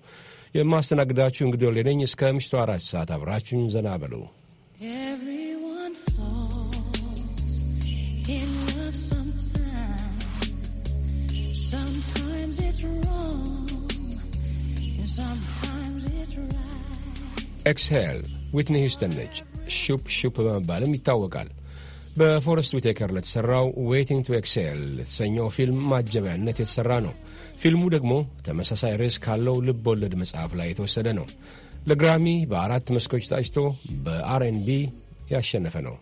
የማስተናግዳችሁ። እንግዲህ ወሌ እስከ ምሽቱ አራት ሰዓት አብራችሁን ዘና በሉ። ኤክስሄል ዊትኒ ሂውስተን ነች። ሹፕ ሹፕ በመባልም ይታወቃል። በፎረስት ዊቴከር ለተሠራው ዌይቲንግ ቱ ኤክሴል የተሰኘው ፊልም ማጀቢያነት የተሠራ ነው። ፊልሙ ደግሞ ተመሳሳይ ርዕስ ካለው ልብ ወለድ መጽሐፍ ላይ የተወሰደ ነው። ለግራሚ በአራት መስኮች ታጭቶ በአርኤንቢ ያሸነፈ ነው።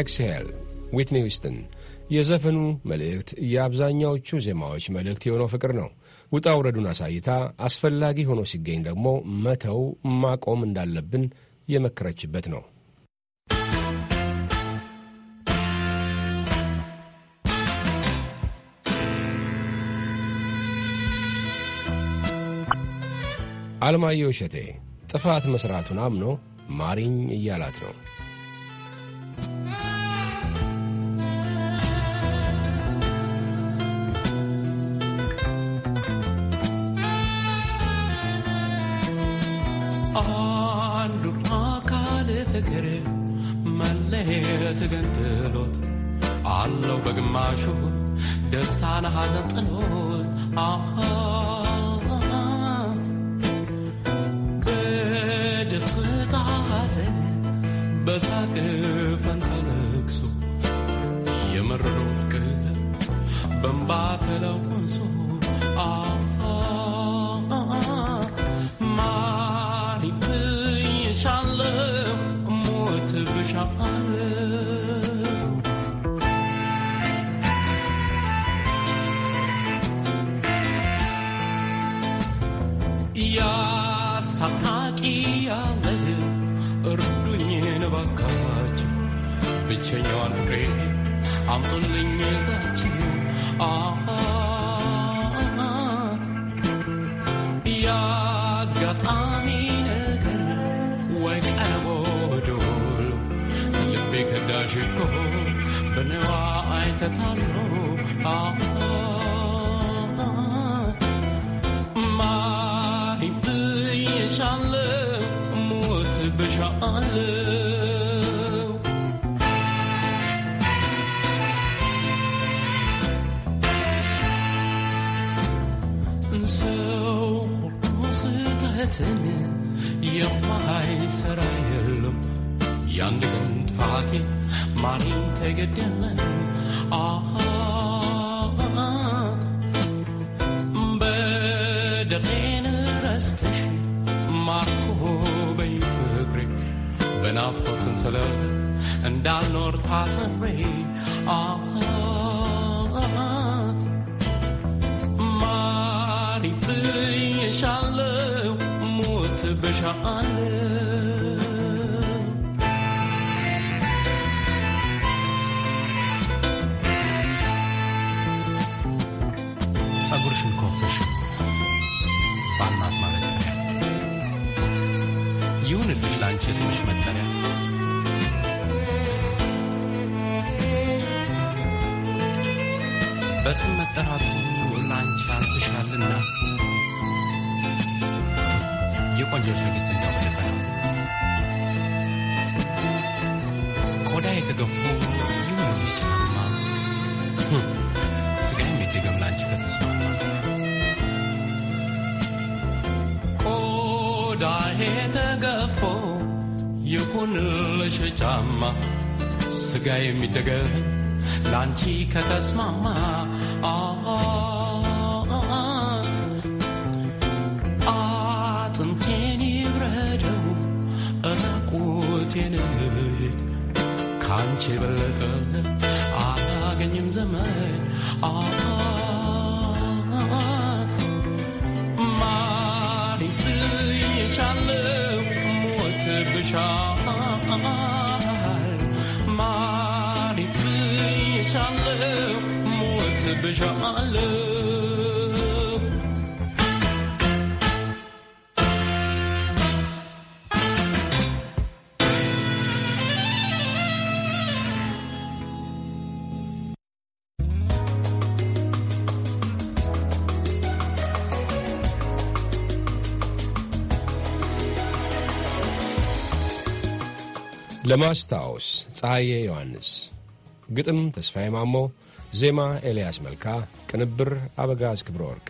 ኤክስሄል ዊትኒ ዊስትን የዘፈኑ መልእክት የአብዛኛዎቹ ዜማዎች መልእክት የሆነው ፍቅር ነው። ውጣ ውረዱን አሳይታ አስፈላጊ ሆኖ ሲገኝ ደግሞ መተው ማቆም እንዳለብን የመከረችበት ነው። አለማየሁ እሸቴ ጥፋት መሥራቱን አምኖ ማሪኝ እያላት ነው። انا حزن طلوت Piccadilly. ይደገም ላንቺ ከተስማማ አጥንቴን ይብረደው እራቁቴን ከአንቺ የበለጠ አላገኝም ዘመን ማሪት የቻለው ሞት ብሻ ሞት ለማስታወስ ፀሐዬ ዮሐንስ ግጥም ተስፋዬ ማሞ፣ ዜማ ኤልያስ መልካ፣ ቅንብር አበጋዝ ክብረ ወርቅ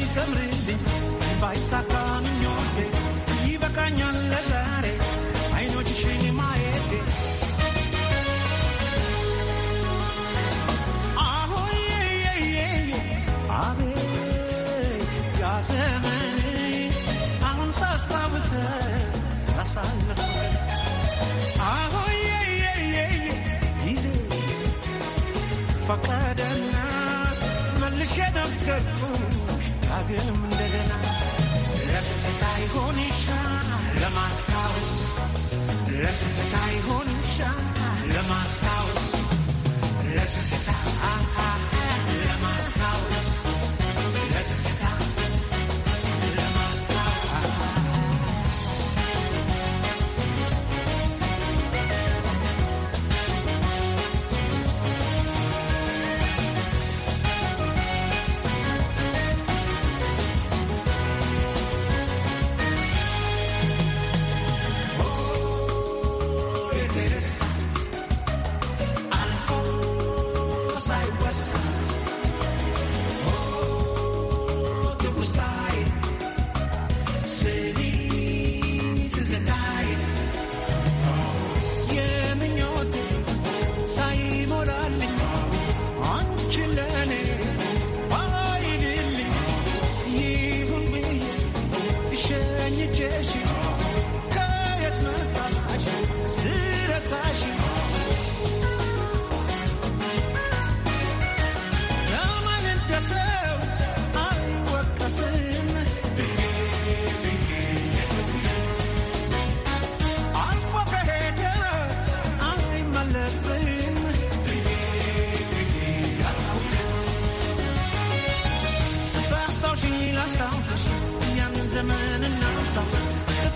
dai sorrisi vai sacca mignotte chi va cagnan la sare ai no ci scegli mai te Fuck ዳግም እንደገና ለፍታ ይሆንሻል ለማስታወስ ለፍታ ይሆንሻል ለማስታወስ ለፍታ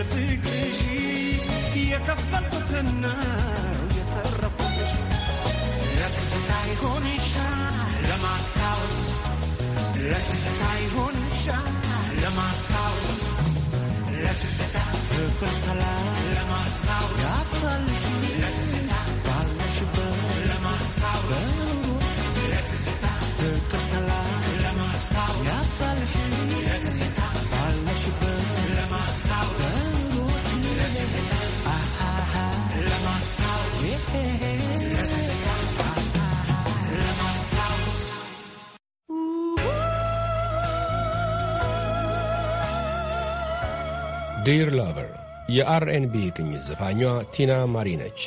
ለፍቅርሽ የከፈልኩትና የተረኩሽ ለትዝታ ይሆንሻ ለማስታወስ ለትዝታ ይሆንሻ ለማስታወስ ለትዝታ ፍቅር ሰላም ለማስታወስ ያትሳልሽ ለትዝታ ዲር ላቨር የአርኤንቢ ቅኝት ዘፋኟ ቲና ማሪ ነች።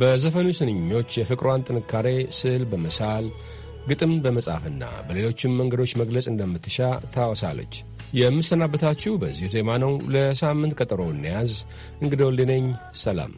በዘፈኑ ስንኞች የፍቅሯን ጥንካሬ ስዕል በመሳል ግጥም በመጻፍና በሌሎችም መንገዶች መግለጽ እንደምትሻ ታወሳለች። የምሰናበታችሁ በዚሁ ዜማ ነው። ለሳምንት ቀጠሮ እንያዝ። እንግዲህ ሰላም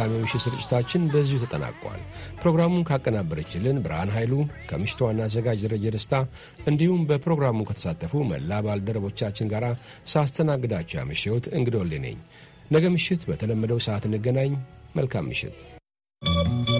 ቅዳሜዎች ስርጭታችን በዚሁ ተጠናቋል። ፕሮግራሙን ካቀናበረችልን ብርሃን ኃይሉ ከምሽቱ ዋና አዘጋጅ ደረጀ ደስታ እንዲሁም በፕሮግራሙ ከተሳተፉ መላ ባልደረቦቻችን ጋር ሳስተናግዳችሁ ያመሸሁት እንግዶልኔ ነኝ። ነገ ምሽት በተለመደው ሰዓት እንገናኝ። መልካም ምሽት። Thank you.